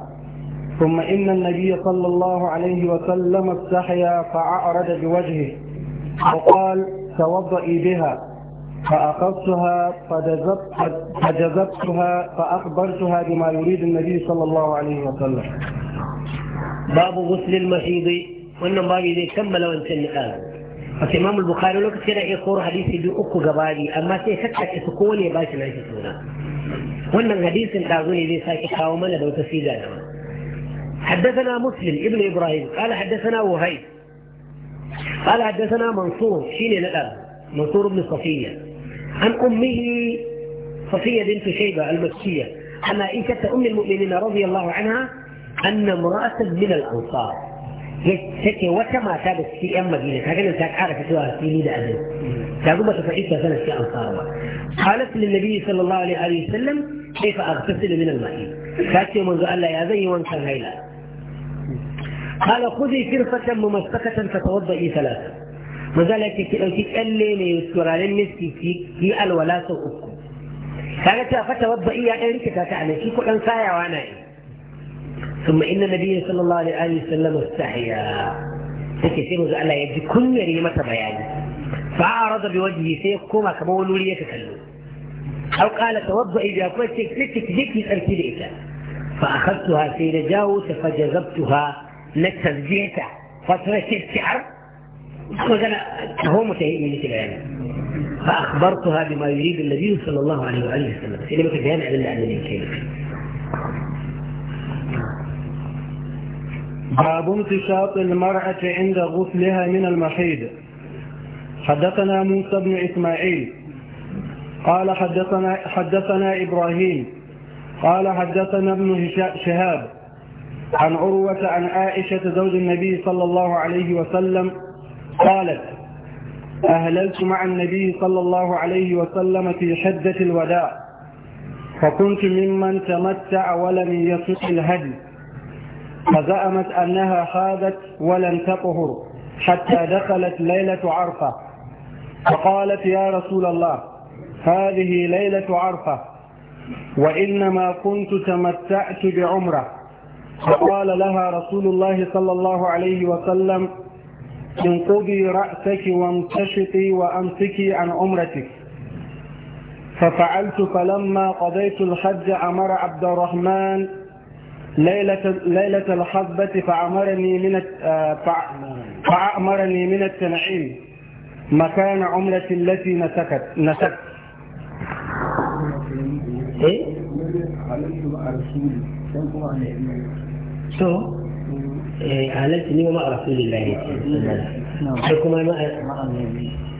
Speaker 2: ثم إن النبي صلى الله عليه وسلم استحيا فأعرج بوجهه وقال توضئي بها فأخذتها فجذبتها فأخبرتها بما يريد النبي صلى الله عليه وسلم
Speaker 1: باب غسل المحيض wannan babu zai kammala wancan misalin wasu imamu bukari lokaci yana iya koro hadisi biyu uku gabari amma sai kakkace ko ne ba shi nashi suna wannan hadisin ɗazu ne zai sake kawo mana da wata siga da حدثنا مسلم ابن ابراهيم قال حدثنا وهيب قال حدثنا منصور شين الآن منصور بن صفية عن أمه صفية بنت شيبة المكية عن عائشة أم المؤمنين رضي الله عنها أن امرأة من الأنصار take wata mata da cikin 'yan madina ta ganin ta kara fitowa fili da azumi ta zuba ta faɗi ta sanar cikin amsarwa halat lillabi sallallahu alaihi wa sallam sai fa aghtasil min al-ma'i ta ce manzo Allah ya zan yi wankan haila qala khudhi firfatan mumassakatan fatawadda'i thalatha manzo Allah ki dauki kalle mai turaren miski ki alwala sau uku kaga ta fatawadda'i ya ɗan rikita ta anan shi kuɗin sayawa na yi ثم ان النبي صلى الله عليه وسلم استحيا سكي سي مزا الله كل ري بياني فعرض بوجهه سيكما كما ولو لي او قال توضا اذا كنت تكتك ذكي تركيدك فاخذتها في رجاوس فجذبتها لتزجيتها فتركت الشعر وقال هو متهيئ من كده فاخبرتها بما يريد النبي صلى الله عليه وسلم سيدي ما كان يعمل الا ان يكفي
Speaker 2: باب انتشاط المرأة عند غسلها من المحيض حدثنا موسى بن إسماعيل قال حدثنا, حدثنا إبراهيم قال حدثنا ابن شهاب عن عروة عن عائشة زوج النبي صلى الله عليه وسلم قالت أهللت مع النبي صلى الله عليه وسلم في حدة الوداع فكنت ممن تمتع ولم يصح الهدي فزعمت أنها حاذت ولم تطهر حتى دخلت ليلة عرفة فقالت يا رسول الله هذه ليلة عرفة وإنما كنت تمتعت بعمرة فقال لها رسول الله صلى الله عليه وسلم انقضي رأسك وامتشطي وأمسكي عن عمرتك ففعلت فلما قضيت الحج أمر عبد الرحمن ليلة ليلة الحظبة فأمرني من فأمرني من التنعيم مكان عملة التي نسكت نسكت ايه على
Speaker 1: شو ايه على شنو رسول الله حكم ما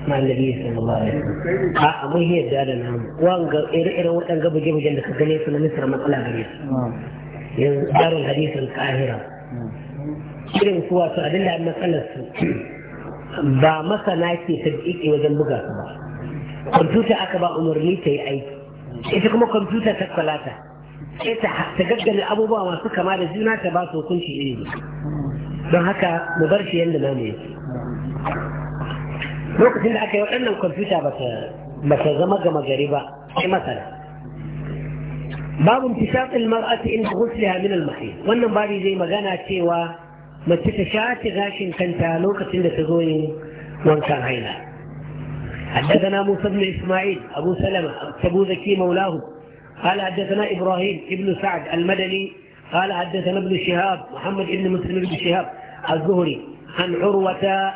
Speaker 1: ما النبي صلى الله عليه وسلم اه ابو هي دارنا وان غير ايه وان غبي جنب جنب مصر ما طلع غير yanzu darul hadith al-qahira irin su wato abin da matsalar su ba masana ke tabi'i wajen buga su ba kwamfuta aka ba umarni ta yi aiki ita kuma kwamfuta ta kwalata ita ta gaggana abubuwa masu kama da juna ta ba su hukunci iri don haka mu bar shi yadda namu yake lokacin da aka yi waɗannan kwamfuta ba ta zama gama gari ba sai masana باب امتشاق المرأة إن غسلها من المحيط mahid بابي زي ما غنى cewa ما تتشاك shafe gashin kanta lokacin da ta zo yin حدثنا موسى بن اسماعيل ابو سلمه ابو ذكي مولاه قال حدثنا ابراهيم ابن سعد المدني قال حدثنا ابن شهاب محمد بن مسلم بن شهاب الزهري عن عروه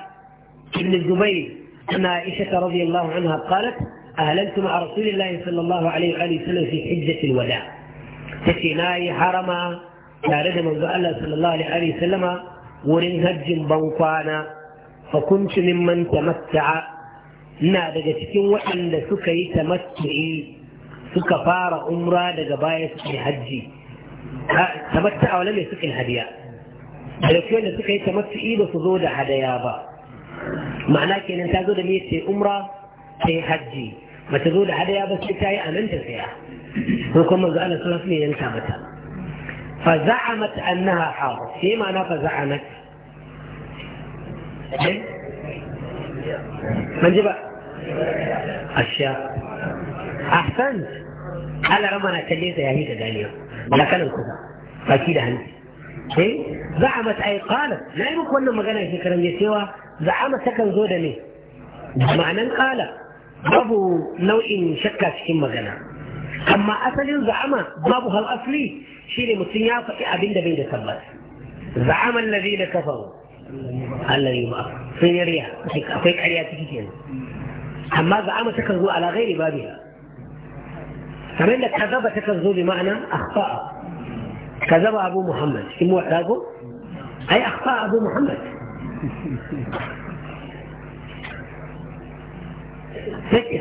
Speaker 1: بن الزبير عن عائشه رضي الله عنها قالت أهللت مع رسول الله صلى الله عليه وآله وسلم في حجة الوداع في ناي حرم تارد من ذؤلاء صلى الله عليه وآله وسلم ورن هج بوقانا فكنت ممن تمتع نادق تكين وحن سكي تمتع سك أمرا لقباية سكي حجي تمتع ولم يسك الهدياء لكن سكي تمتع إذا سزود هديابا معناه كي ننتظر ميت أمرا في حجي bata zo da hadaya ba sai ta yi a nan ta saya ko kuma manzo Allah sallallahu alaihi yanka mata fa za'amat annaha hawa sai na fa za'amat eh? man ji ba ashiya ahsan Allah ramana kalle sa yayi da ganiya lakalan kusa baki da eh? Na yi أي قالت magana يمكن أن مغنى في كرم يسوى زعمت سكن زودة مي معنى kala. babu nau'in shakka cikin magana amma asalin za'ama babu hal asli shine mutum ya faɗi abin da bai da tabbas za'ama allazi da kafaru Allah yi ba sun yi riya akwai ƙarya ciki kenan amma za'ama takan zo ala ghairi babiha kamar da kazaba takan zo bi ma'ana akhfa'a kazaba abu muhammad in mu dago ai akhfa'a abu muhammad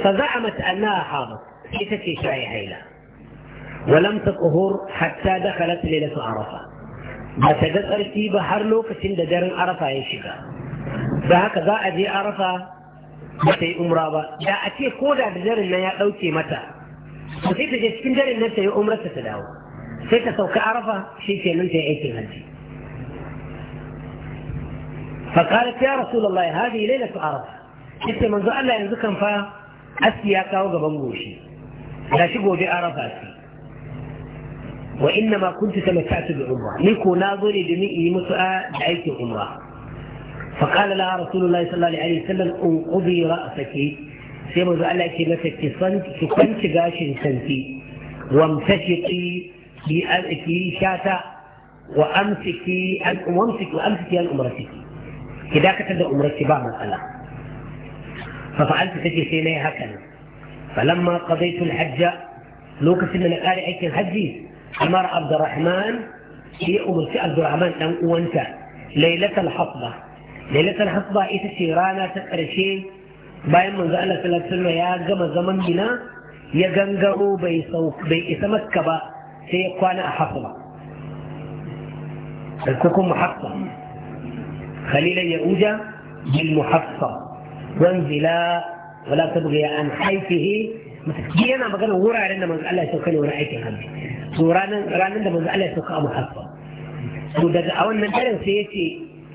Speaker 1: فزعمت أنها حاضر ليست في شعي هيلة ولم تظهر حتى دخلت ليلة عرفة بس دخلت في بحر لو فسند دار عرفة يشيكا فهكذا أدي عرفة متي أمرا با جاء أتي قودة بزر النياء أوتي متى وكيف وسيت جاء سكندر النساء أمرا ستداو سيت سوك عرفة شيء سيلون سي أيتي هنجي فقالت يا رسول الله هذه ليلة عرفة yace manzo Allah yanzu kan fa asiya ya kawo gaban goshi ga shi gobe arafa ce wa inna ma kunti tamatta'tu bi umra ni ko na zo ne domin in yi musu da aikin umra fa qala la rasulullahi sallallahu alaihi wasallam qudi ra'saki sai manzo Allah yake mata ki san ki kwanci gashin kanki wamtashiqi bi alki shata wa amsiki an umsiki wa amsiki an umratiki ki dakatar da umrarki ba matsala ففعلت تجي سيني هكذا فلما قضيت الحج لوكس من الآلي أيك الحجي عمر عبد الرحمن في أمر في عبد الرحمن أن أنت ليلة الحصبة ليلة الحصبة إيه تشيرانا تكرشي باين من ذا الله ثلاث سنة يا جمع زمن بنا يغنغعو بيسوك بيسمك كبا سيقوانا حصبة الكوكو محصة خليلا يؤوجا بالمحصة wanzila wala ya an haifihi shi yana magana wuraren da manzo Allah ya sauka ne wani aikin hajji to ranan da manzo Allah ya sauka a muhaffa to daga a wannan daren sai ya ce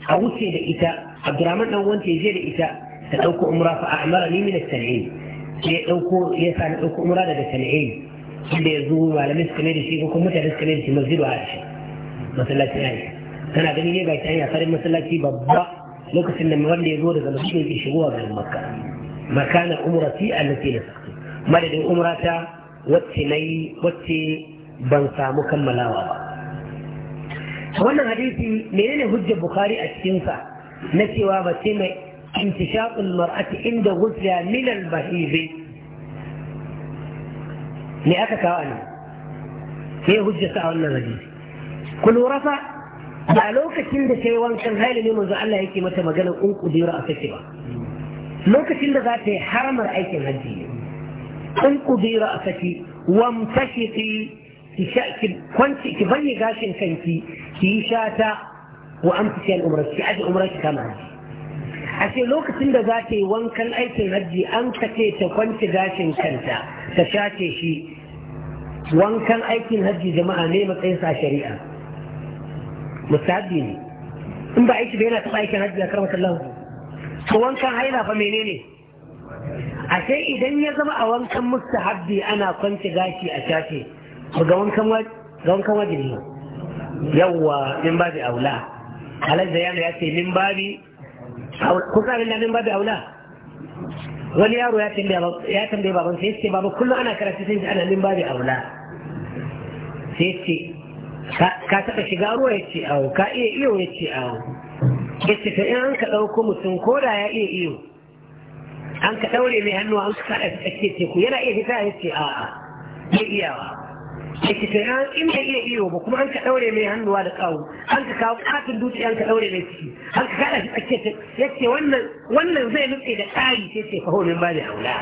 Speaker 1: a wuce da ita Abdurrahman dan wanda ya je da ita ta dauko umra fa a'mara ni min at-tan'im sai dauko ya sa na dauko umra daga tan'im inda ya zo malamai suka mai da shi ko kuma mutane suka mai da shi masjidu Aisha masallacin Aisha kana gani ne ga ta hanya farin masallaci babba لوكسن لما قال لي يدور اذا مشي يشوها في مكه مكان عمرتي التي نسقت مرض عمرتا واتني واتي بنسى مكملا وابا وانا حديثي من اين هج بخاري اتشنسى نسي وابا تيمي انتشاط المرأة عند غسلها من البهيج لأكا كوانا هي هجة سعونا مجيز كل ورفع a lokacin da ta yi wankan haila ne manzo Allah yake mata maganar in kudura a sake ba lokacin da za ta yi haramar aikin hajji ne in kudura a sake wamtashiki ki kwanci ki banye gashin kanki ki yi shata wa amtashiyal umrah ki aje umrah ki kama hajji a ce lokacin da za ta yi wankan aikin hajji an kace ta kwanci gashin kanta ta shace shi wankan aikin hajji jama'a ne matsayinsa shari'a mustahabbi ne in ba aiki da yana taɓa aikin hajji a karmata Allah to wankan haila fa menene sai idan ya zama a wankan musta haddi ana kwance gashi a shafe ga wankan wajibi yawwa min babi aula alhaji yana ya ce min babi kusa abin da min babi aula wani yaro ya tambaye baban sai ce babu kullum ana karatu sai ana min babi aula sai ce ka taɓa shiga ruwa ya ce awo ka iya iyo ya ce awo ya ce ta in an ka ɗauko mutum ko da ya iya iyo an ka ɗaure mai hannu an ka kaɗa tsakiyar teku yana iya fita ya ce a'a ya wa ya ce ta in ya iya iyo ba kuma an ka ɗaure mai hannuwa da ƙawo an ka kawo katin dutse an ka ɗaure mai ciki an ka kaɗa tsakiyar teku ya ce wannan zai nutse da tsari sai ce faho min ba da haula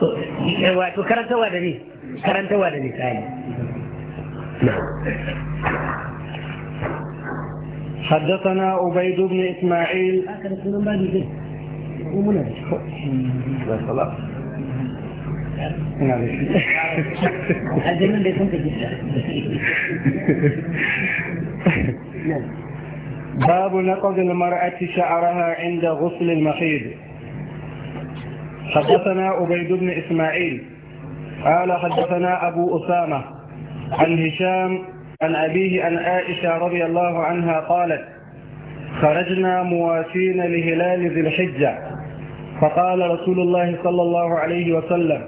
Speaker 1: eh, wato karantawa da ne karantawa da misali
Speaker 4: نعم.
Speaker 2: حدثنا عبيد بن إسماعيل باب نقض المرأة شعرها عند غسل المخيض حدثنا عبيد بن إسماعيل قال حدثنا أبو أسامة عن هشام عن أبيه عن عائشة رضي الله عنها قالت خرجنا مواسين لهلال ذي الحجة فقال رسول الله صلى الله عليه وسلم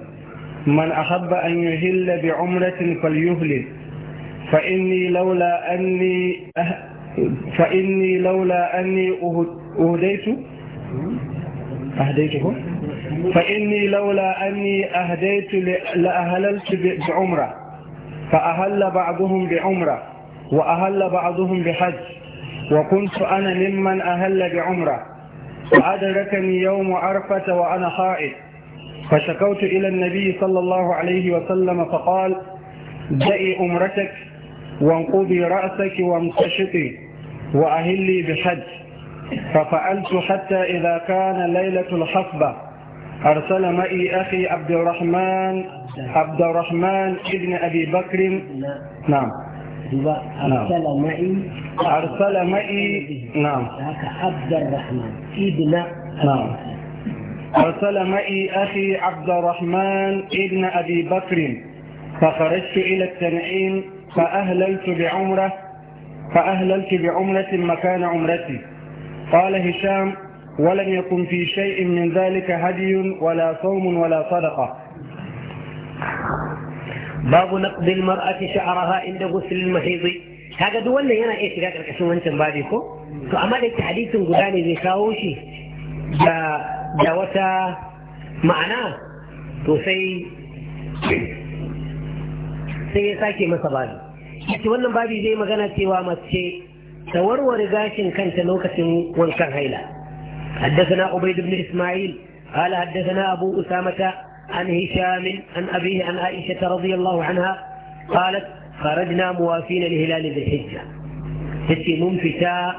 Speaker 2: من أحب أن يهل بعمرة فليهلل فإني لولا أني أه فإني لولا أني أه-، أهديت أهديته فإني لولا أني أهديت لأهللت بعمره فأهل بعضهم بعمرة وأهل بعضهم بحج وكنت أنا ممن أهل بعمرة فأدركني يوم عرفة وأنا خائف فشكوت إلى النبي صلى الله عليه وسلم فقال دعي أمرتك وانقضي رأسك وامتشطي وأهلي بحج ففعلت حتى إذا كان ليلة الحصبة أرسل معي أخي عبد الرحمن عبد الرحمن ابن أبي بكر نعم, نعم. أرسل نعم. معي أرسل معي نعم عبد الرحمن ابن نعم أرسل معي أخي عبد الرحمن ابن أبي بكر فخرجت إلى التنعيم فأهللت بعمرة فأهللت بعمرة مكان عمرتي قال هشام ولم يكن في شيء من ذلك هدي ولا صوم ولا صدقة باب نقد المرأة شعرها عند
Speaker 1: غسل المحيض هذا دو ولا هنا ايش رايك الكسوة انت مباديكو تو اما دي تحديث قداني زي كاوشي دا دا وتا معنا تو سي سي ساكي مثلا ايش ولا مبادي زي ما قالت سيوا مسكي تورور غاشن كانت لوكة وانكا هيلا حدثنا عبيد بن إسماعيل قال حدثنا أبو أسامة عن هشام عن أبيه عن عائشة رضي الله عنها قالت خرجنا موافين لهلال ذي الحجة تتي منفتا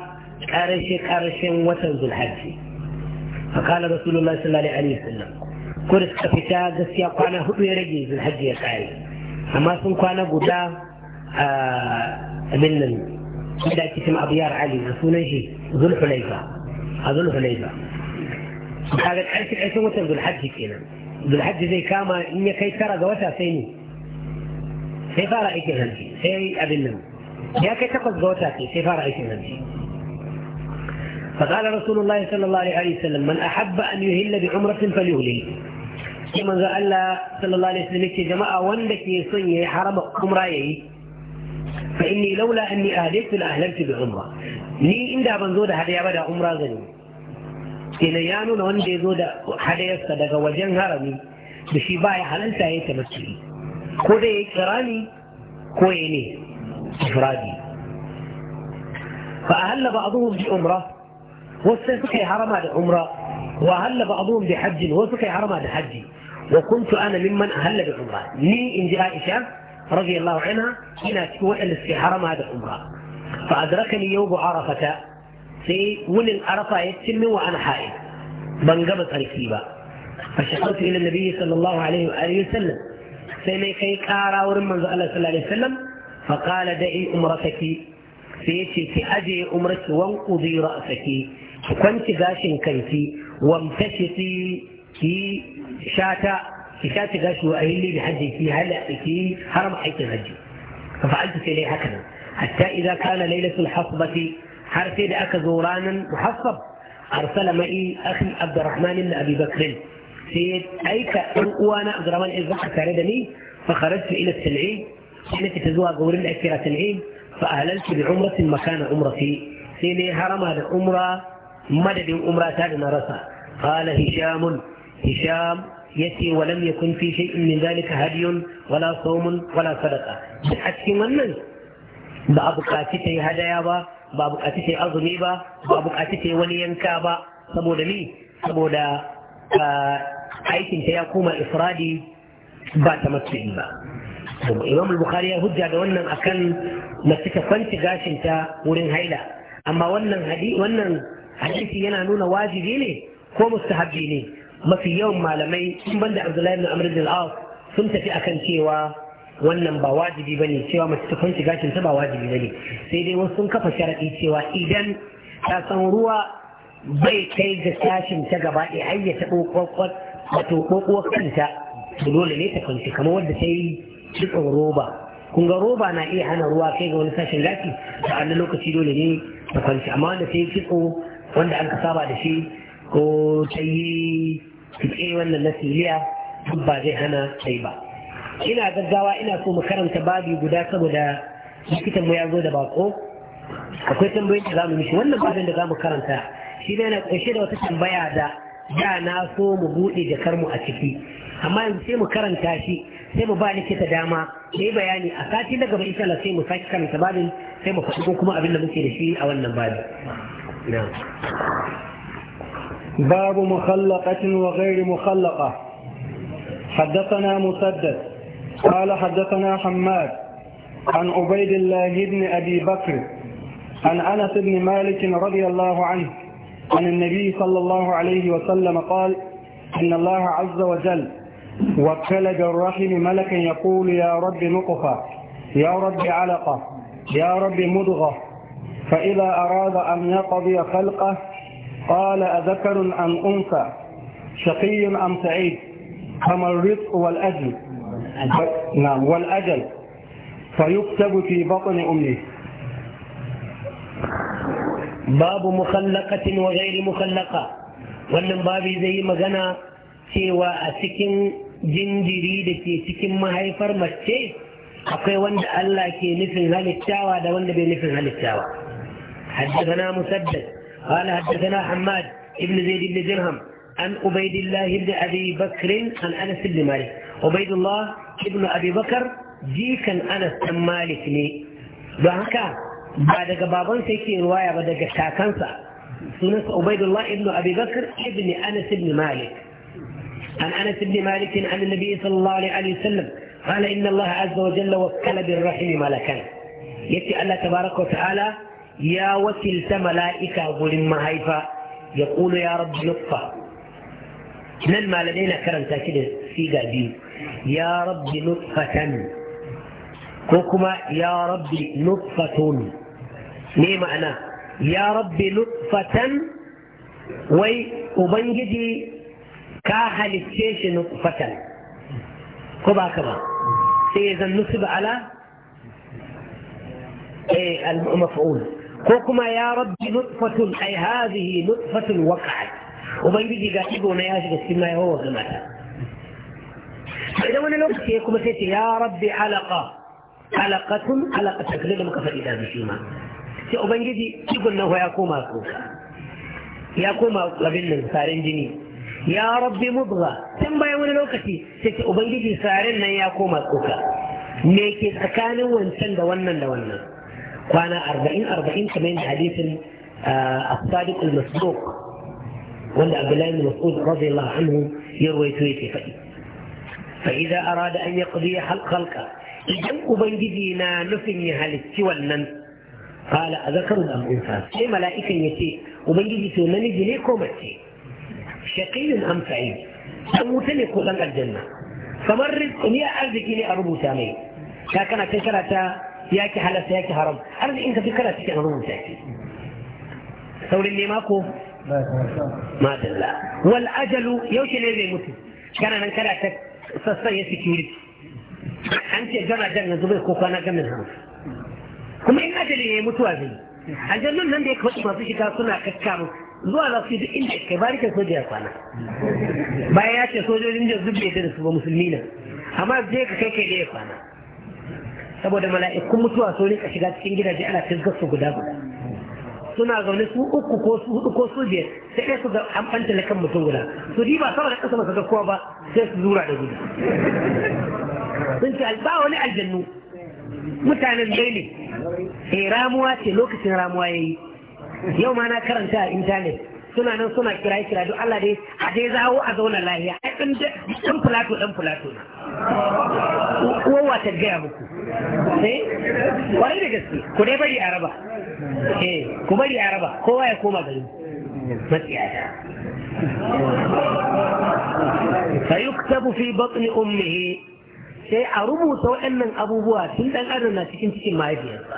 Speaker 1: قرش قرش وتنزل الحج فقال رسول الله صلى الله عليه وسلم كرس كفتا قسيا قانا هدو يرجي ذي الحج يقاري أما سن قانا قدا آه، من من إذا كتم أبيار علي رسول شيء ذو الحليفة هذا له ليبا هذا الحج حيث متر ذو الحج كينا ذو الحج زي كاما إني كي ترى ذوتا سيني سيفا رأيك هنجي سي أبنم يا كي تقض ذوتا سي سيفا رأيك هنجي فقال رسول الله صلى الله عليه وسلم من أحب أن يهل بعمرة فليهلي كما قال صلى الله عليه وسلم يا جماعة وندك يصني حرمك عمرائي فإني لولا أني أهلت لأهلت بعمرة ني إندا بنزود هذا يبدا عمرة غني إن يانو لون بيزود هذا يستدقى وجن هرمي بشي باي حلنتا يتمسكي خود إكراني كويني إفرادي فأهل بعضهم بعمرة وستسكي حرمة عمرة وأهل بعضهم بحج وسكي حرمة حج وكنت أنا ممن أهل بعمرة ان جاء إشام رضي الله عنها هنا في حرم هذا الأمراء فأدركني يوم عرفة في ولن عرفة يتم وأنا حائل قبل تركيبا فشكرت إلى النبي صلى الله عليه وآله وسلم سيني كي كارا ورم من الله صلى الله عليه وسلم فقال دعي أمرتك سيتي في أجي أمرك وانقضي رأسك كنت ذا كنتي وامتشطي في شاتا يشاف غاشي وقايل لي بحجي في هلا في حرم حيث الهجي ففعلت في لي هكذا حتى إذا كان ليلة الحصبة حرسي لأك زورانا محصب أرسل معي أخي عبد الرحمن بن أبي بكر سيد أيك وأنا عبد الرحمن إذ كاردني فخرجت إلى السلعين حينك تزوى قول في العين فأهللت بعمرة مكان عمرتي سيدي هرم هذا عمرة مدد عمرة تادنا رسا قال هشام هشام yace walam yakun fi shay'in min zalika hadiyun wala sawmun wala sadaqa a cikin wannan ba a buƙaci ta yi hadaya ba ba a buƙaci ta yi azumi ba ba a buƙaci ta yi wani yanka ba saboda ni saboda ah, aikin ta ya koma ifradi ba ta matsayi ba imam bukhari ya hujja da wannan akan na ta kwanci gashin ta wurin haila amma wannan wannan hadisi yana nuna wajibi ne ko mustahabbi ne mafi yawan malamai sun banda abdullahi ibn amr bin al sun tafi akan cewa wannan ba wajibi bane cewa mace ta kwanci gashin ta ba wajibi bane sai dai wasu sun kafa sharaɗi cewa idan ta san ruwa bai kai ga sashin ta gaba ɗaya ai ya taɓo kwakwat dole ne ta kwanci kamar wadda ta yi kitson roba kun ga roba na iya hana ruwa kai ga wani sashen gashi a annan lokaci dole ne ta kwanci amma wanda ta yi kitso wanda an ka saba da shi ko ta yi eh wannan na filiya ba zai hana kai ba ina gaggawa ina so mu karanta babi guda saboda likitan mu ya zo da bako akwai tambayoyin da zamu mishi wannan babin da zamu karanta shi ne na ƙarshe da wata tambaya da da na so mu buɗe jakar mu a ciki amma yanzu sai mu karanta shi sai mu ba likita dama da bayani a sati na gaba insha Allah sai mu saki karanta babin sai mu faɗi kuma abin da muke da shi a wannan babin na'am
Speaker 2: باب مخلقة وغير مخلقة حدثنا مسدد قال حدثنا حماد عن عبيد الله بن أبي بكر عن أنس بن مالك رضي الله عنه عن النبي صلى الله عليه وسلم قال إن الله عز وجل وكل بالرحم ملكا يقول يا رب نقفة يا رب علقة يا رب مضغة فإذا أراد أن يقضي خلقه قال أذكر عن أنثى شقي أم سعيد كما الرزق والأجل نعم والأجل فيكتب في بطن أمه babu mukhallaqatin wa
Speaker 1: ghairi mukhallaqa wannan babi zai yi magana cewa a cikin jinjiri da ke cikin mahaifar mace akwai wanda Allah ke nufin halittawa da wanda bai nufin halittawa حدثنا مسدد قال حدثنا حماد بن زيد بن درهم عن عبيد الله بن أبي بكر عن أنس بن مالك عبيد الله بن أبي بكر جيكا أنس بن مالك لي وهكا بعد قبابان سيكي رواية بعد شاكنسا سنس عبيد الله بن أبي بكر ابن أنس بن مالك عن أنس بن مالك عن النبي صلى الله عليه وسلم قال إن الله عز وجل وكل بالرحم ملكا يأتي الله تبارك وتعالى يا وكلت ملائكة ظلم هيفا يقول يا رب نطفة من ما لدينا كرم تأكيد في قلبي يا رب لطفة كوكما يا رب لطفة ليه معنى يا رب لطفة وي وبنجدي كاهل الشيش نطفة كبا كبا سيزن نصب على إيه؟ المفعول كوكما يا ربي نطفة أي هذه نطفة وقعت وبين بيجي قاتب ونا ياشق السماء هو غمتا فإذا وانا لوقت يكما سيتي يا رب علقة علقة علقة تقليل مكفى إذا بشيما وبين بيجي تقول نهو يكوما كوكا يكوما لبن سارين جني يا رب مضغة ثم يا وانا لوقت سيتي وبين بيجي سارين يكوما كوكا ميكي سكان وانسان دوانا دوانا دو كان 40 40 كمان حديث آه، الصادق المسبوق ولا عبد الله بن مسعود رضي الله عنه يروي تويتي فإذا, فإذا أراد أن يقضي حلق خلقه إذن أبن جدينا نفني هل والنن قال أذكر أم أنثى أي ملائكة يتي أبن جدينا نجي ليكم أتي شقي أم سعيد أموتني قلن الجنة فمرد أن يأرزكني أربو سامي كان كثرة yaki halasta yaki haram arzikin ka duk kana cikin hannun ta saurin ne mako madalla wal ajalu yaushe ne zai mutu kana nan kana ta sassan ya security an ce gana jan yanzu bai ko kwana gamin haram kuma in ajali ne mutuwa zai aljannun nan da ya kawai masu shiga suna kakkamu zuwa za su yi duk inda kai barikin soja ya kwana bayan ya ce sojojin da zubbe da su ba musulmi na amma zai ka kai kai da ya kwana saboda mala'ikun mutuwa sun rika shiga cikin gidaje ana fisgar su guda guda suna zaune su uku ko su hudu ko su biyar sai dai su ga an na kan mutum guda su riba sama da kasa ba su ga kowa ba sai su zura da guda sun ce ba wani aljannu mutanen dai ne eh, ramuwa ce lokacin ramuwa ya yi. yau ma na karanta a intanet suna nan suna kira kira duk Allah dai a dai zawo a zauna lahiya ai dan ɗan fulato dan fulato ne kowa ta gaya muku eh wani da gaske ku dai bari a raba eh ku bari a raba kowa ya koma gari matsiyaya fayuktabu fi batni ummihi sai a rubuta waɗannan abubuwa tun ɗan adam na cikin cikin mahaifiyarsa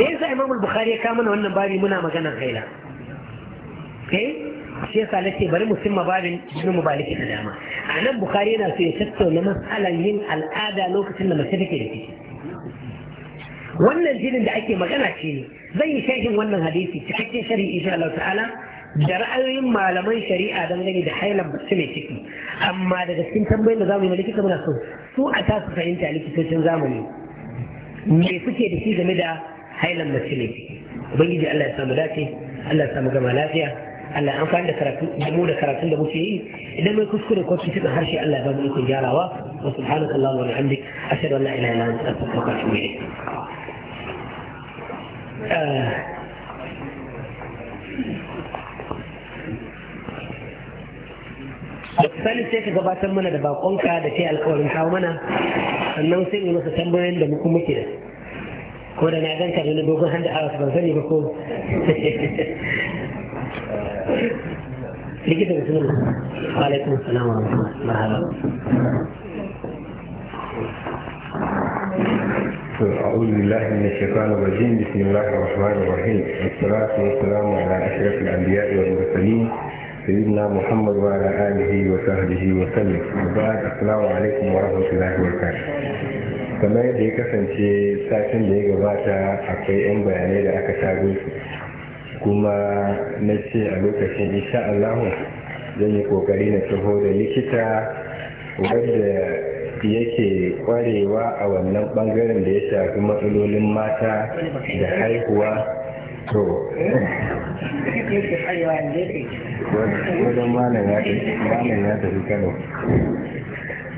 Speaker 1: me yasa imam bukhari ya kama mana wannan babi muna maganar haila kai eh? shi yasa nake bari mu cimma babin jinin mu ba da dama a nan bukari yana so ya tattauna matsalan yin al'ada lokacin da mace take da ciki wannan jinin da ake magana ce zan yi shaikin wannan hadisi cikakken sharii insha Allah ta'ala da ra'ayoyin malaman shari'a dangane da hailan mace mai ciki amma daga cikin tambayin da zamu yi na likita muna so su a tasu fahimta likitocin zamani me suke da shi game da hailan mace mai ciki ubangiji Allah ya samu dace Allah ya samu gama lafiya Allah an amfani da karatu da mu da karatun da muke yi idan mai kuskure ko da harshe Allah ba mu ikon gyarawa wa subhanaka wa bihamdik ashhadu an la ilaha illa anta astaghfiruka wa atubu ilayk misali eh, sai ka gabatar mana da bakonka da kai yi alkawarin kawo mana sannan sai mu masa tambayoyin da mu kuma muke da ko da na ganka da dogon handa a wasu ban sani ba ko likita da sunan alaikun salamu marhaba
Speaker 5: أعوذ بالله من الشيطان الرجيم بسم الله الرحمن الرحيم والصلاة والسلام على أشرف الأنبياء والمرسلين سيدنا محمد وعلى آله وصحبه وسلم وبعد السلام عليكم ورحمة الله وبركاته kamar yadda ya kasance satin da ya gabata akwai 'yan bayanai da aka shago su kuma na ce a lokacin insha Allah zan yi kokari na taho da likita wadda yake kwarewa a wannan bangaren da ya shafi matsalolin mata da haihuwa to wadda malam ya tafi kano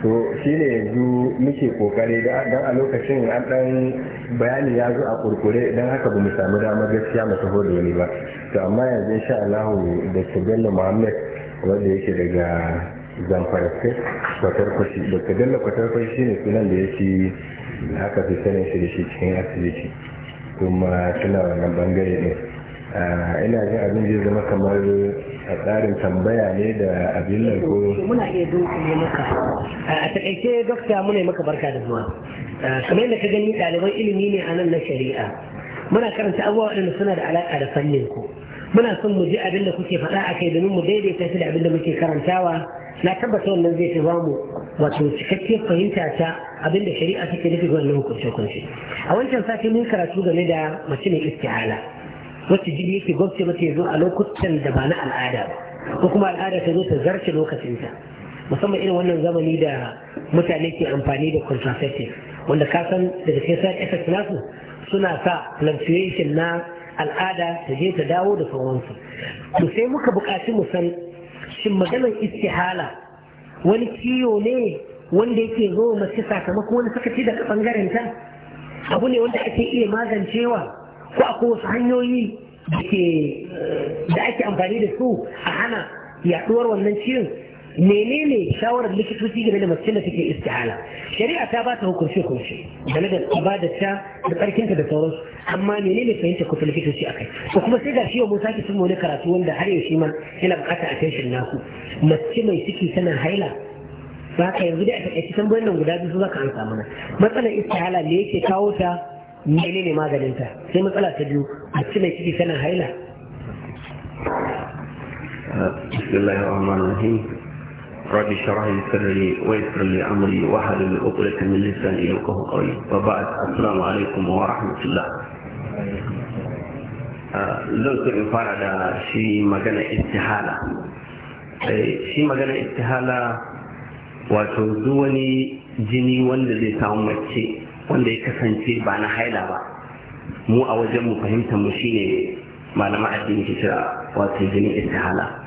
Speaker 5: to shi ne yanzu muke kokari don a lokacin an dan bayani ya zo a kurkure don haka ba mu samu damar gaskiya masu hudu wani ba to amma yanzu insha Allah da Bello Muhammad wanda yake daga Zamfara State Kwatarkwashi Dr. Bello Kwatarkwashi ne sunan da yake haka fi sanin shi da shi cikin asibiti kuma tuna wannan bangare ne Ah, ina jin abin zai zama kamar a tsarin tambaya ne da abin nan
Speaker 1: muna iya ne maka ah, a takaice dokta muna maka barka da zuwa ah, kamar yadda ka gani ɗaliban ilimi ne a nan na shari'a muna karanta abubuwa waɗanda suna da alaƙa da fannin ku muna son mu ji abin da kuke faɗa a kai domin mu daidaita shi da abin da muke karantawa na tabbata wannan zai fi bamu wato cikakken fahimta ta abin da shari'a take nufi wannan hukunce-hukunce a wancan sati mun karatu game da mace mai isti'ala wacce jini yake gwamce mata ya zo a lokutan da ba na al'ada ba ko kuma al'ada ta zo ta zarce lokacinta musamman irin wannan zamani da mutane ke amfani da contraceptive wanda ka san daga cikin side effects nasu suna sa fluctuation na al'ada ta je ta dawo da sauransu to sai muka buƙaci mu san shin maganar istihala wani ciwo ne wanda yake zo mace sakamakon wani sakaci daga ɓangaren ta abu ne wanda ake iya magancewa ko akwai wasu hanyoyi eh, da ake amfani da su a hana yaduwar wannan ciwon menene shawarar likitoci game da mace da take istihala shari'a ta ba ta hukunce hukunce game da ba da ta da sauransu amma menene fahimta kusa likitoci akai Ko kuma sai ga shi mu sake sun wani karatu wanda har yaushe ma yana bukatar attention naku mace mai ciki tana haila ba ka yanzu dai a takaice tambayoyin nan guda biyu za ka an samu nan matsalar istihala me yake kawo ta mene ne maganinta sai matsala ta biyu a ci mai ciki tana haila
Speaker 3: bismillahir rahmanir rahim rabbi shrah li sadri wa yassir li amri wa hlul 'uqdatan min lisani yafqahu qawli wa ba'd assalamu alaikum wa rahmatullah ah, zan so in fara da shi magana istihala eh, shi magana istihala wato duk wani jini wanda zai samu mace wanda ya kasance ba na haila ba mu a wajen mu fahimtar mu shine malama addini ke kira wato jinin istihala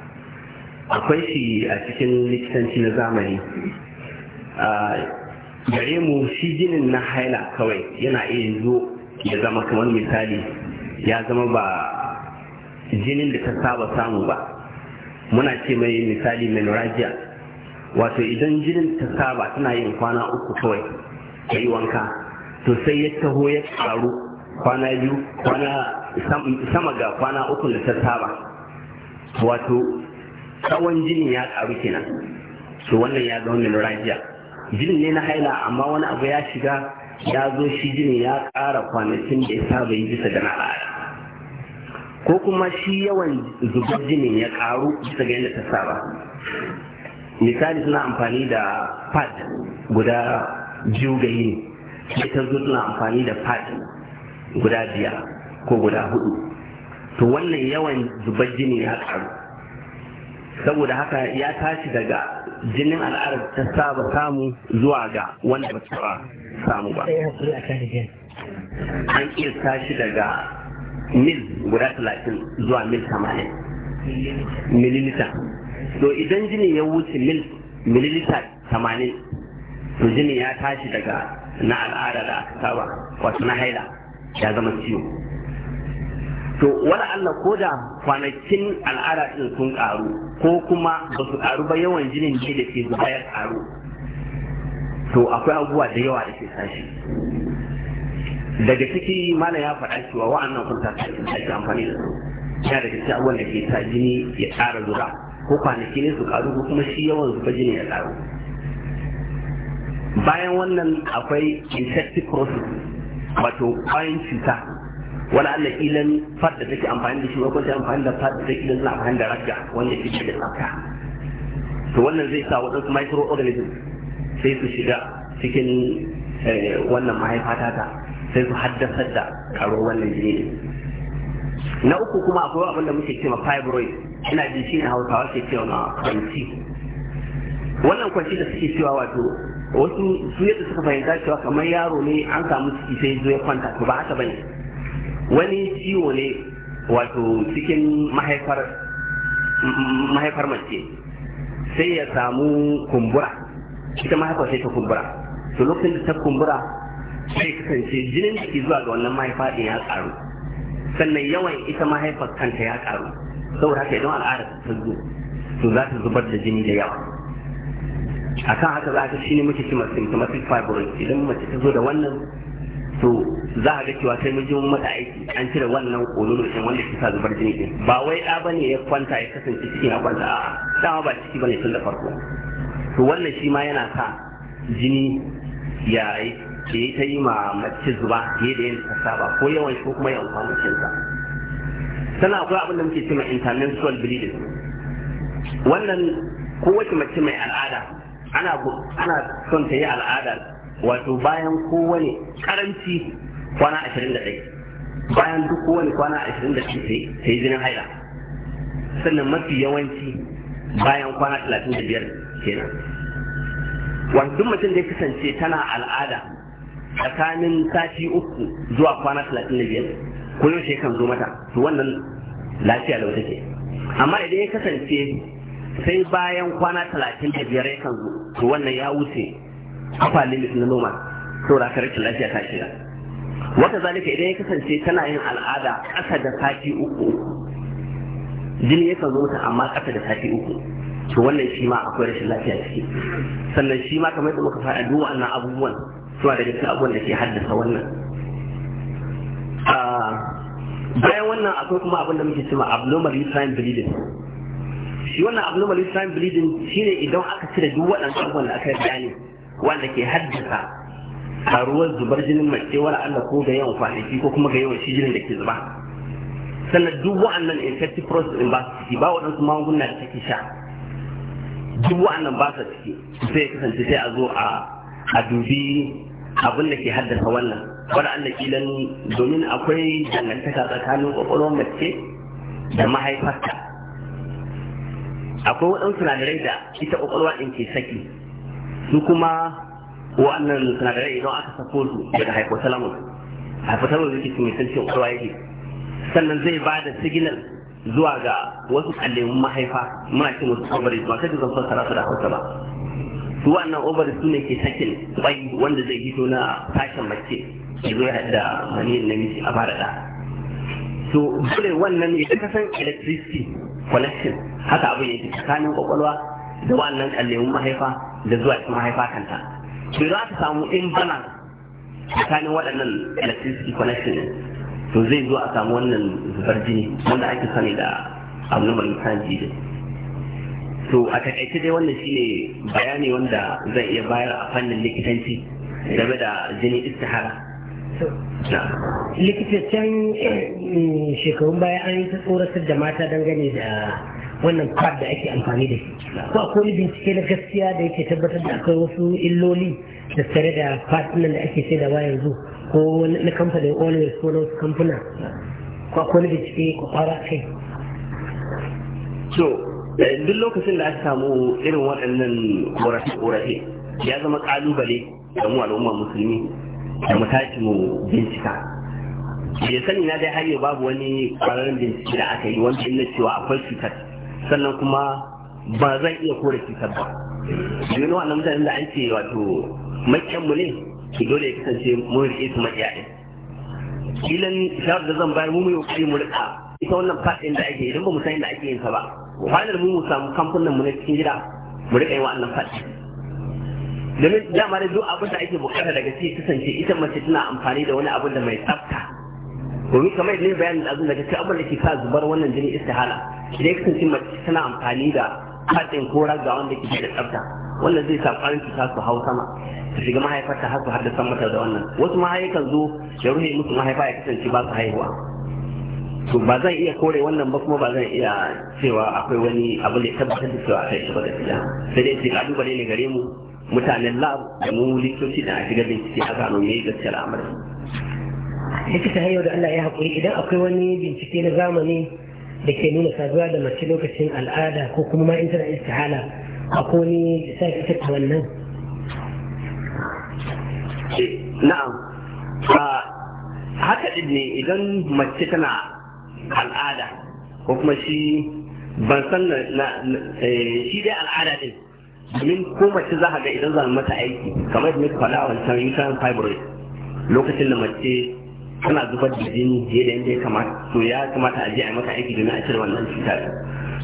Speaker 3: akwai shi a cikin likitanci na zamani gare mu shi jinin na haila kawai yana iya zo ya zama kamar misali ya zama ba jinin da ta saba samu ba muna ce mai misali menorrhagia wato idan jinin ta saba tana yin kwana uku kawai ta yi wanka to sai ya taho ya karu kwana biyu kwana sama ga kwana uku da ta saba wato tsawon jini ya karu kenan to wannan ya zama menorrhagia jinin ne na haila amma wani abu ya shiga ya zo shi jinin ya kara kwanakin da ya saba yi bisa ga na al'ada ko kuma shi yawan zubar jinin ya karu bisa ga yadda ta saba misali suna amfani da pad guda biyu ga yini sai ta zo suna amfani da fadi guda biyar ko guda hudu to wannan yawan zubar jini ya karu saboda haka ya tashi daga jinin al'adar ta saba samu zuwa ga wanda ba ta samu ba
Speaker 1: an iya tashi
Speaker 3: daga mil guda talatin zuwa mil tamanin mililita to idan jini ya wuce mil mililita tamanin to jini ya tashi daga na al'ada da aka saba wato na haila ya zama ciwo to wala Allah ko da kwanakin al'ada din sun karu ko kuma ba su karu ba yawan jinin ne da ke zuba ya karu to akwai abubuwa da yawa da ke sashi daga ciki malam ya faɗa cewa wa'annan kun tafi ake amfani da su ya daga ciki abubuwan da ke sa jini ya ƙara zura, ko kwanaki ne su karu ko kuma shi yawan zuba jini ya karu bayan wannan akwai infective process wato kwayan cuta wani allah ilan fat da take amfani da shi ko kwanci amfani da fat da take suna amfani da ragga wanda ke da tsaka to wannan zai sa waɗansu microorganism sai su shiga cikin eh, wannan mahaifata ta sai su haddasar da karo wannan jini na uku kuma akwai abin da muke cewa fibroid ina jin shi ne hausawa ke cewa kwanci wannan kwanci da suke cewa wato wasu su yadda suka fahimta cewa kamar yaro ne an samu ciki sai zo ya kwanta to ba haka bane wani ciwo ne wato cikin mahaifar mahaifar mace sai ya samu kumbura ita mahaifar sai ta kumbura to lokacin da ta kumbura sai kasance jinin da ke zuwa ga wannan mahaifa din ya karu sannan yawan ita mahaifar kanta ya karu saboda haka idan al'adar ta zo to za ta zubar da jini da yawa A kan haka za ka ne muke ci symptomatic fibroid idan mace ta zo da wannan to za a ga cewa sai mun ji mata aiki an cire wannan kololo din wanda ke sa zubar jini din ba wai da bane ya kwanta ya kasance ciki ya kwanta a'a dama ba ciki bane tun da farko to wannan shi ma yana sa jini ya yi ta yi ma mace zuba fiye da yadda ta saba ko yawan ko kuma yawan cinta sannan akwai abin da muke cewa intermenstrual bleeding wannan kowace mace mai al'ada ana son ta yi al'ada wato bayan kowane karanci kwana 21 bayan duk kowane kwana 21 ta yi zinin haila sannan mafi yawanci bayan kwana 35 kenan wato duk mutum da ya kasance tana al'ada tsakanin sati uku zuwa kwana 35 ko yaushe kan zo mata to wannan lafiya wata ke amma idan ya kasance sai bayan kwana talatin da biyar ya kan zo to wannan ya wuce akwa limit na noma sau da rashin lafiya ta shiga wata zalika idan ya kasance tana yin al'ada ƙasa da sati uku jini ya kan zo mata amma ƙasa da sati uku to wannan shi ma akwai rashin lafiya ciki sannan shi ma kamar yadda muka fara duk wannan abubuwan suna daga cikin abubuwan da ke haddasa wannan ah, bayan wannan akwai kuma abin da muke cewa abnormal uterine bleeding wannan abnormal uterine bleeding shine idan aka cire duk waɗannan abubuwan da aka yi bayani wanda ke haddasa karuwar zubar jinin mace wala Allah ko ga yawan kwanaki ko kuma ga yawan shi jinin da ke zuba sannan duk waɗannan infective process in ba su ciki ba waɗansu magunguna da take sha duk waɗannan ba su ciki sai kasance sai a zo a dubi abin da ke haddasa wannan wani Allah kilan domin akwai dangantaka tsakanin kwakwalwar mace da mahaifarta akwai waɗansu sinadarai da ita ƙwaƙwalwa ɗin ke saki su kuma wannan sinadarai idan aka sako su daga hypothalamus hypothalamus yake mai san ƙwaƙwalwa yake sannan zai ba da signal zuwa ga wasu kallemun mahaifa muna ce wasu ovaries ba kai zan fassara su da hausa ba su wannan ovaries su ne ke sakin ƙwai wanda zai hito na tashin mace ya zo ya da maniyin namiji a fara da so dole wannan idan ka san electricity collection haka abin yake tsakanin kwakwalwa da wannan kallemun mahaifa da zuwa cikin mahaifa kanta to
Speaker 1: za ta samu in bana
Speaker 3: tsakanin waɗannan electricity connection to zai zo a samu wannan zubar jini wanda ake sani da abnormal da to a takaice dai wannan shine bayani wanda zai iya bayar a
Speaker 1: fannin likitanci game da
Speaker 3: jini istihara Likita
Speaker 1: can eh, shekarun baya an yi ta tsoratar da mata dangane da wannan pad da ake amfani da shi ko akwai bincike na gaskiya da yake tabbatar da akwai wasu illoli da tare da pad nan da ake sai da yanzu ko na kamfanin always ko na wasu kamfuna ko akwai bincike ko fara kai
Speaker 3: so eh, duk lokacin da aka samu irin waɗannan korafe ya zama ƙalubale ga mu al'umma musulmi da mu mu bincika bai sani na dai har yau babu wani kwararren bincike da aka yi wanda ina cewa akwai cutar sannan kuma ba zan iya kore cutar ba domin wannan mutanen da an ce wato makyan mu ne ki dole ya kasance mun rike su makiya ɗin kilan shawar da zan bayar mu mai kokari mu rika ita wannan fadin da ake idan ba mu san da ake yin sa ba kwanan mu mu samu kamfanin mu na cikin gida mu rika yin wa'annan fadin domin dama da duk abin da ake bukata daga ciki kasance ita mace tana amfani da wani abin da mai tsafta domin kamar yadda bayanin da azun daga ciki abin da ke sa zubar wannan jini istihala idan kasance mace tana amfani da katin ko raga wanda ke da tsafta wannan zai sa kwarin cuta su hau sama su shiga mahaifarta har su haddasa mata da wannan wasu mahaifan zo ya ruhe musu mahaifa ya kasance ba su haihuwa to ba zan iya kore wannan ba kuma ba zan iya cewa akwai wani abu da ya tabbatar da cewa a kai shi ba da sai dai ka duba ne gare mu mutanen lab da mu likitoci da a shiga bincike a gano me gaskiyar amurka
Speaker 1: likita yau da Allah ya haƙuri idan akwai wani bincike na zamani da ke nuna saduwa da mace lokacin al'ada ko kuma ma in tana istihala akwai wani sai ita ta wannan
Speaker 3: na'am haka din ne idan mace tana al'ada ko kuma shi ban san na shi dai al'ada din domin ko mace za a ga idan zan mata aiki kamar yadda muka faɗa a wancan uterine fibroid lokacin da mace tana zubar da jini fiye da yadda ya kamata to ya kamata a je a mata aiki domin a cire wannan cutar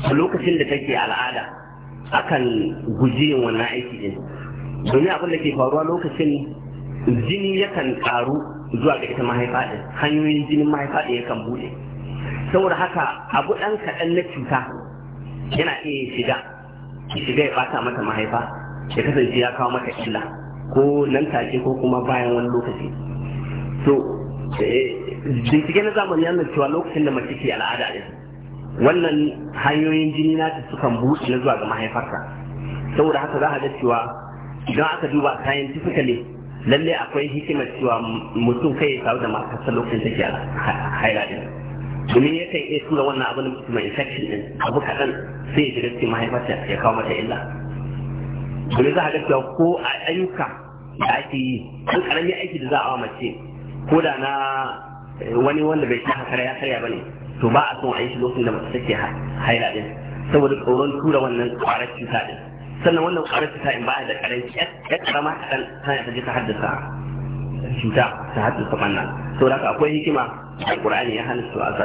Speaker 3: a lokacin da take al'ada akan guji yin wannan aiki din domin abin da ke faruwa lokacin jini yakan karu zuwa ga ita mahaifa din hanyoyin jinin mahaifa din yakan buɗe. saboda haka abu ɗan kaɗan na cuta yana iya shiga ya shiga ya bata mata mahaifa ya kasance ya kawo mata illa ko nan take ko kuma bayan wani lokaci to eh, bincike na zamani yana cewa lokacin da mace ke al'ada ne wannan hanyoyin jini na ta sukan buɗe na zuwa ga mahaifarka saboda haka za a ga cewa idan aka duba kayan ne lallai akwai hikimar cewa mutum kai ya da matarsa lokacin take haila din domin ya kai iya tura wannan abin mai infection din abu kaɗan sai ya shiga cikin mahaifarta ya kawo mata illa domin za a ga cewa ko a ayyuka da ake yi an ƙaramin aiki da za a mace ko da na eh, wani wanda bai ta hakara ya karya bane to ba a son a yi shi lokacin da mace take haila din saboda tsoron tura wannan ƙwarar cuta din sannan wannan ƙwarar cuta in ba da ƙaranci ya ƙarama kaɗan tana ta je ta haddasa cuta ta haddasa ɓanna saboda akwai hikima
Speaker 6: Alqur'ani ya hana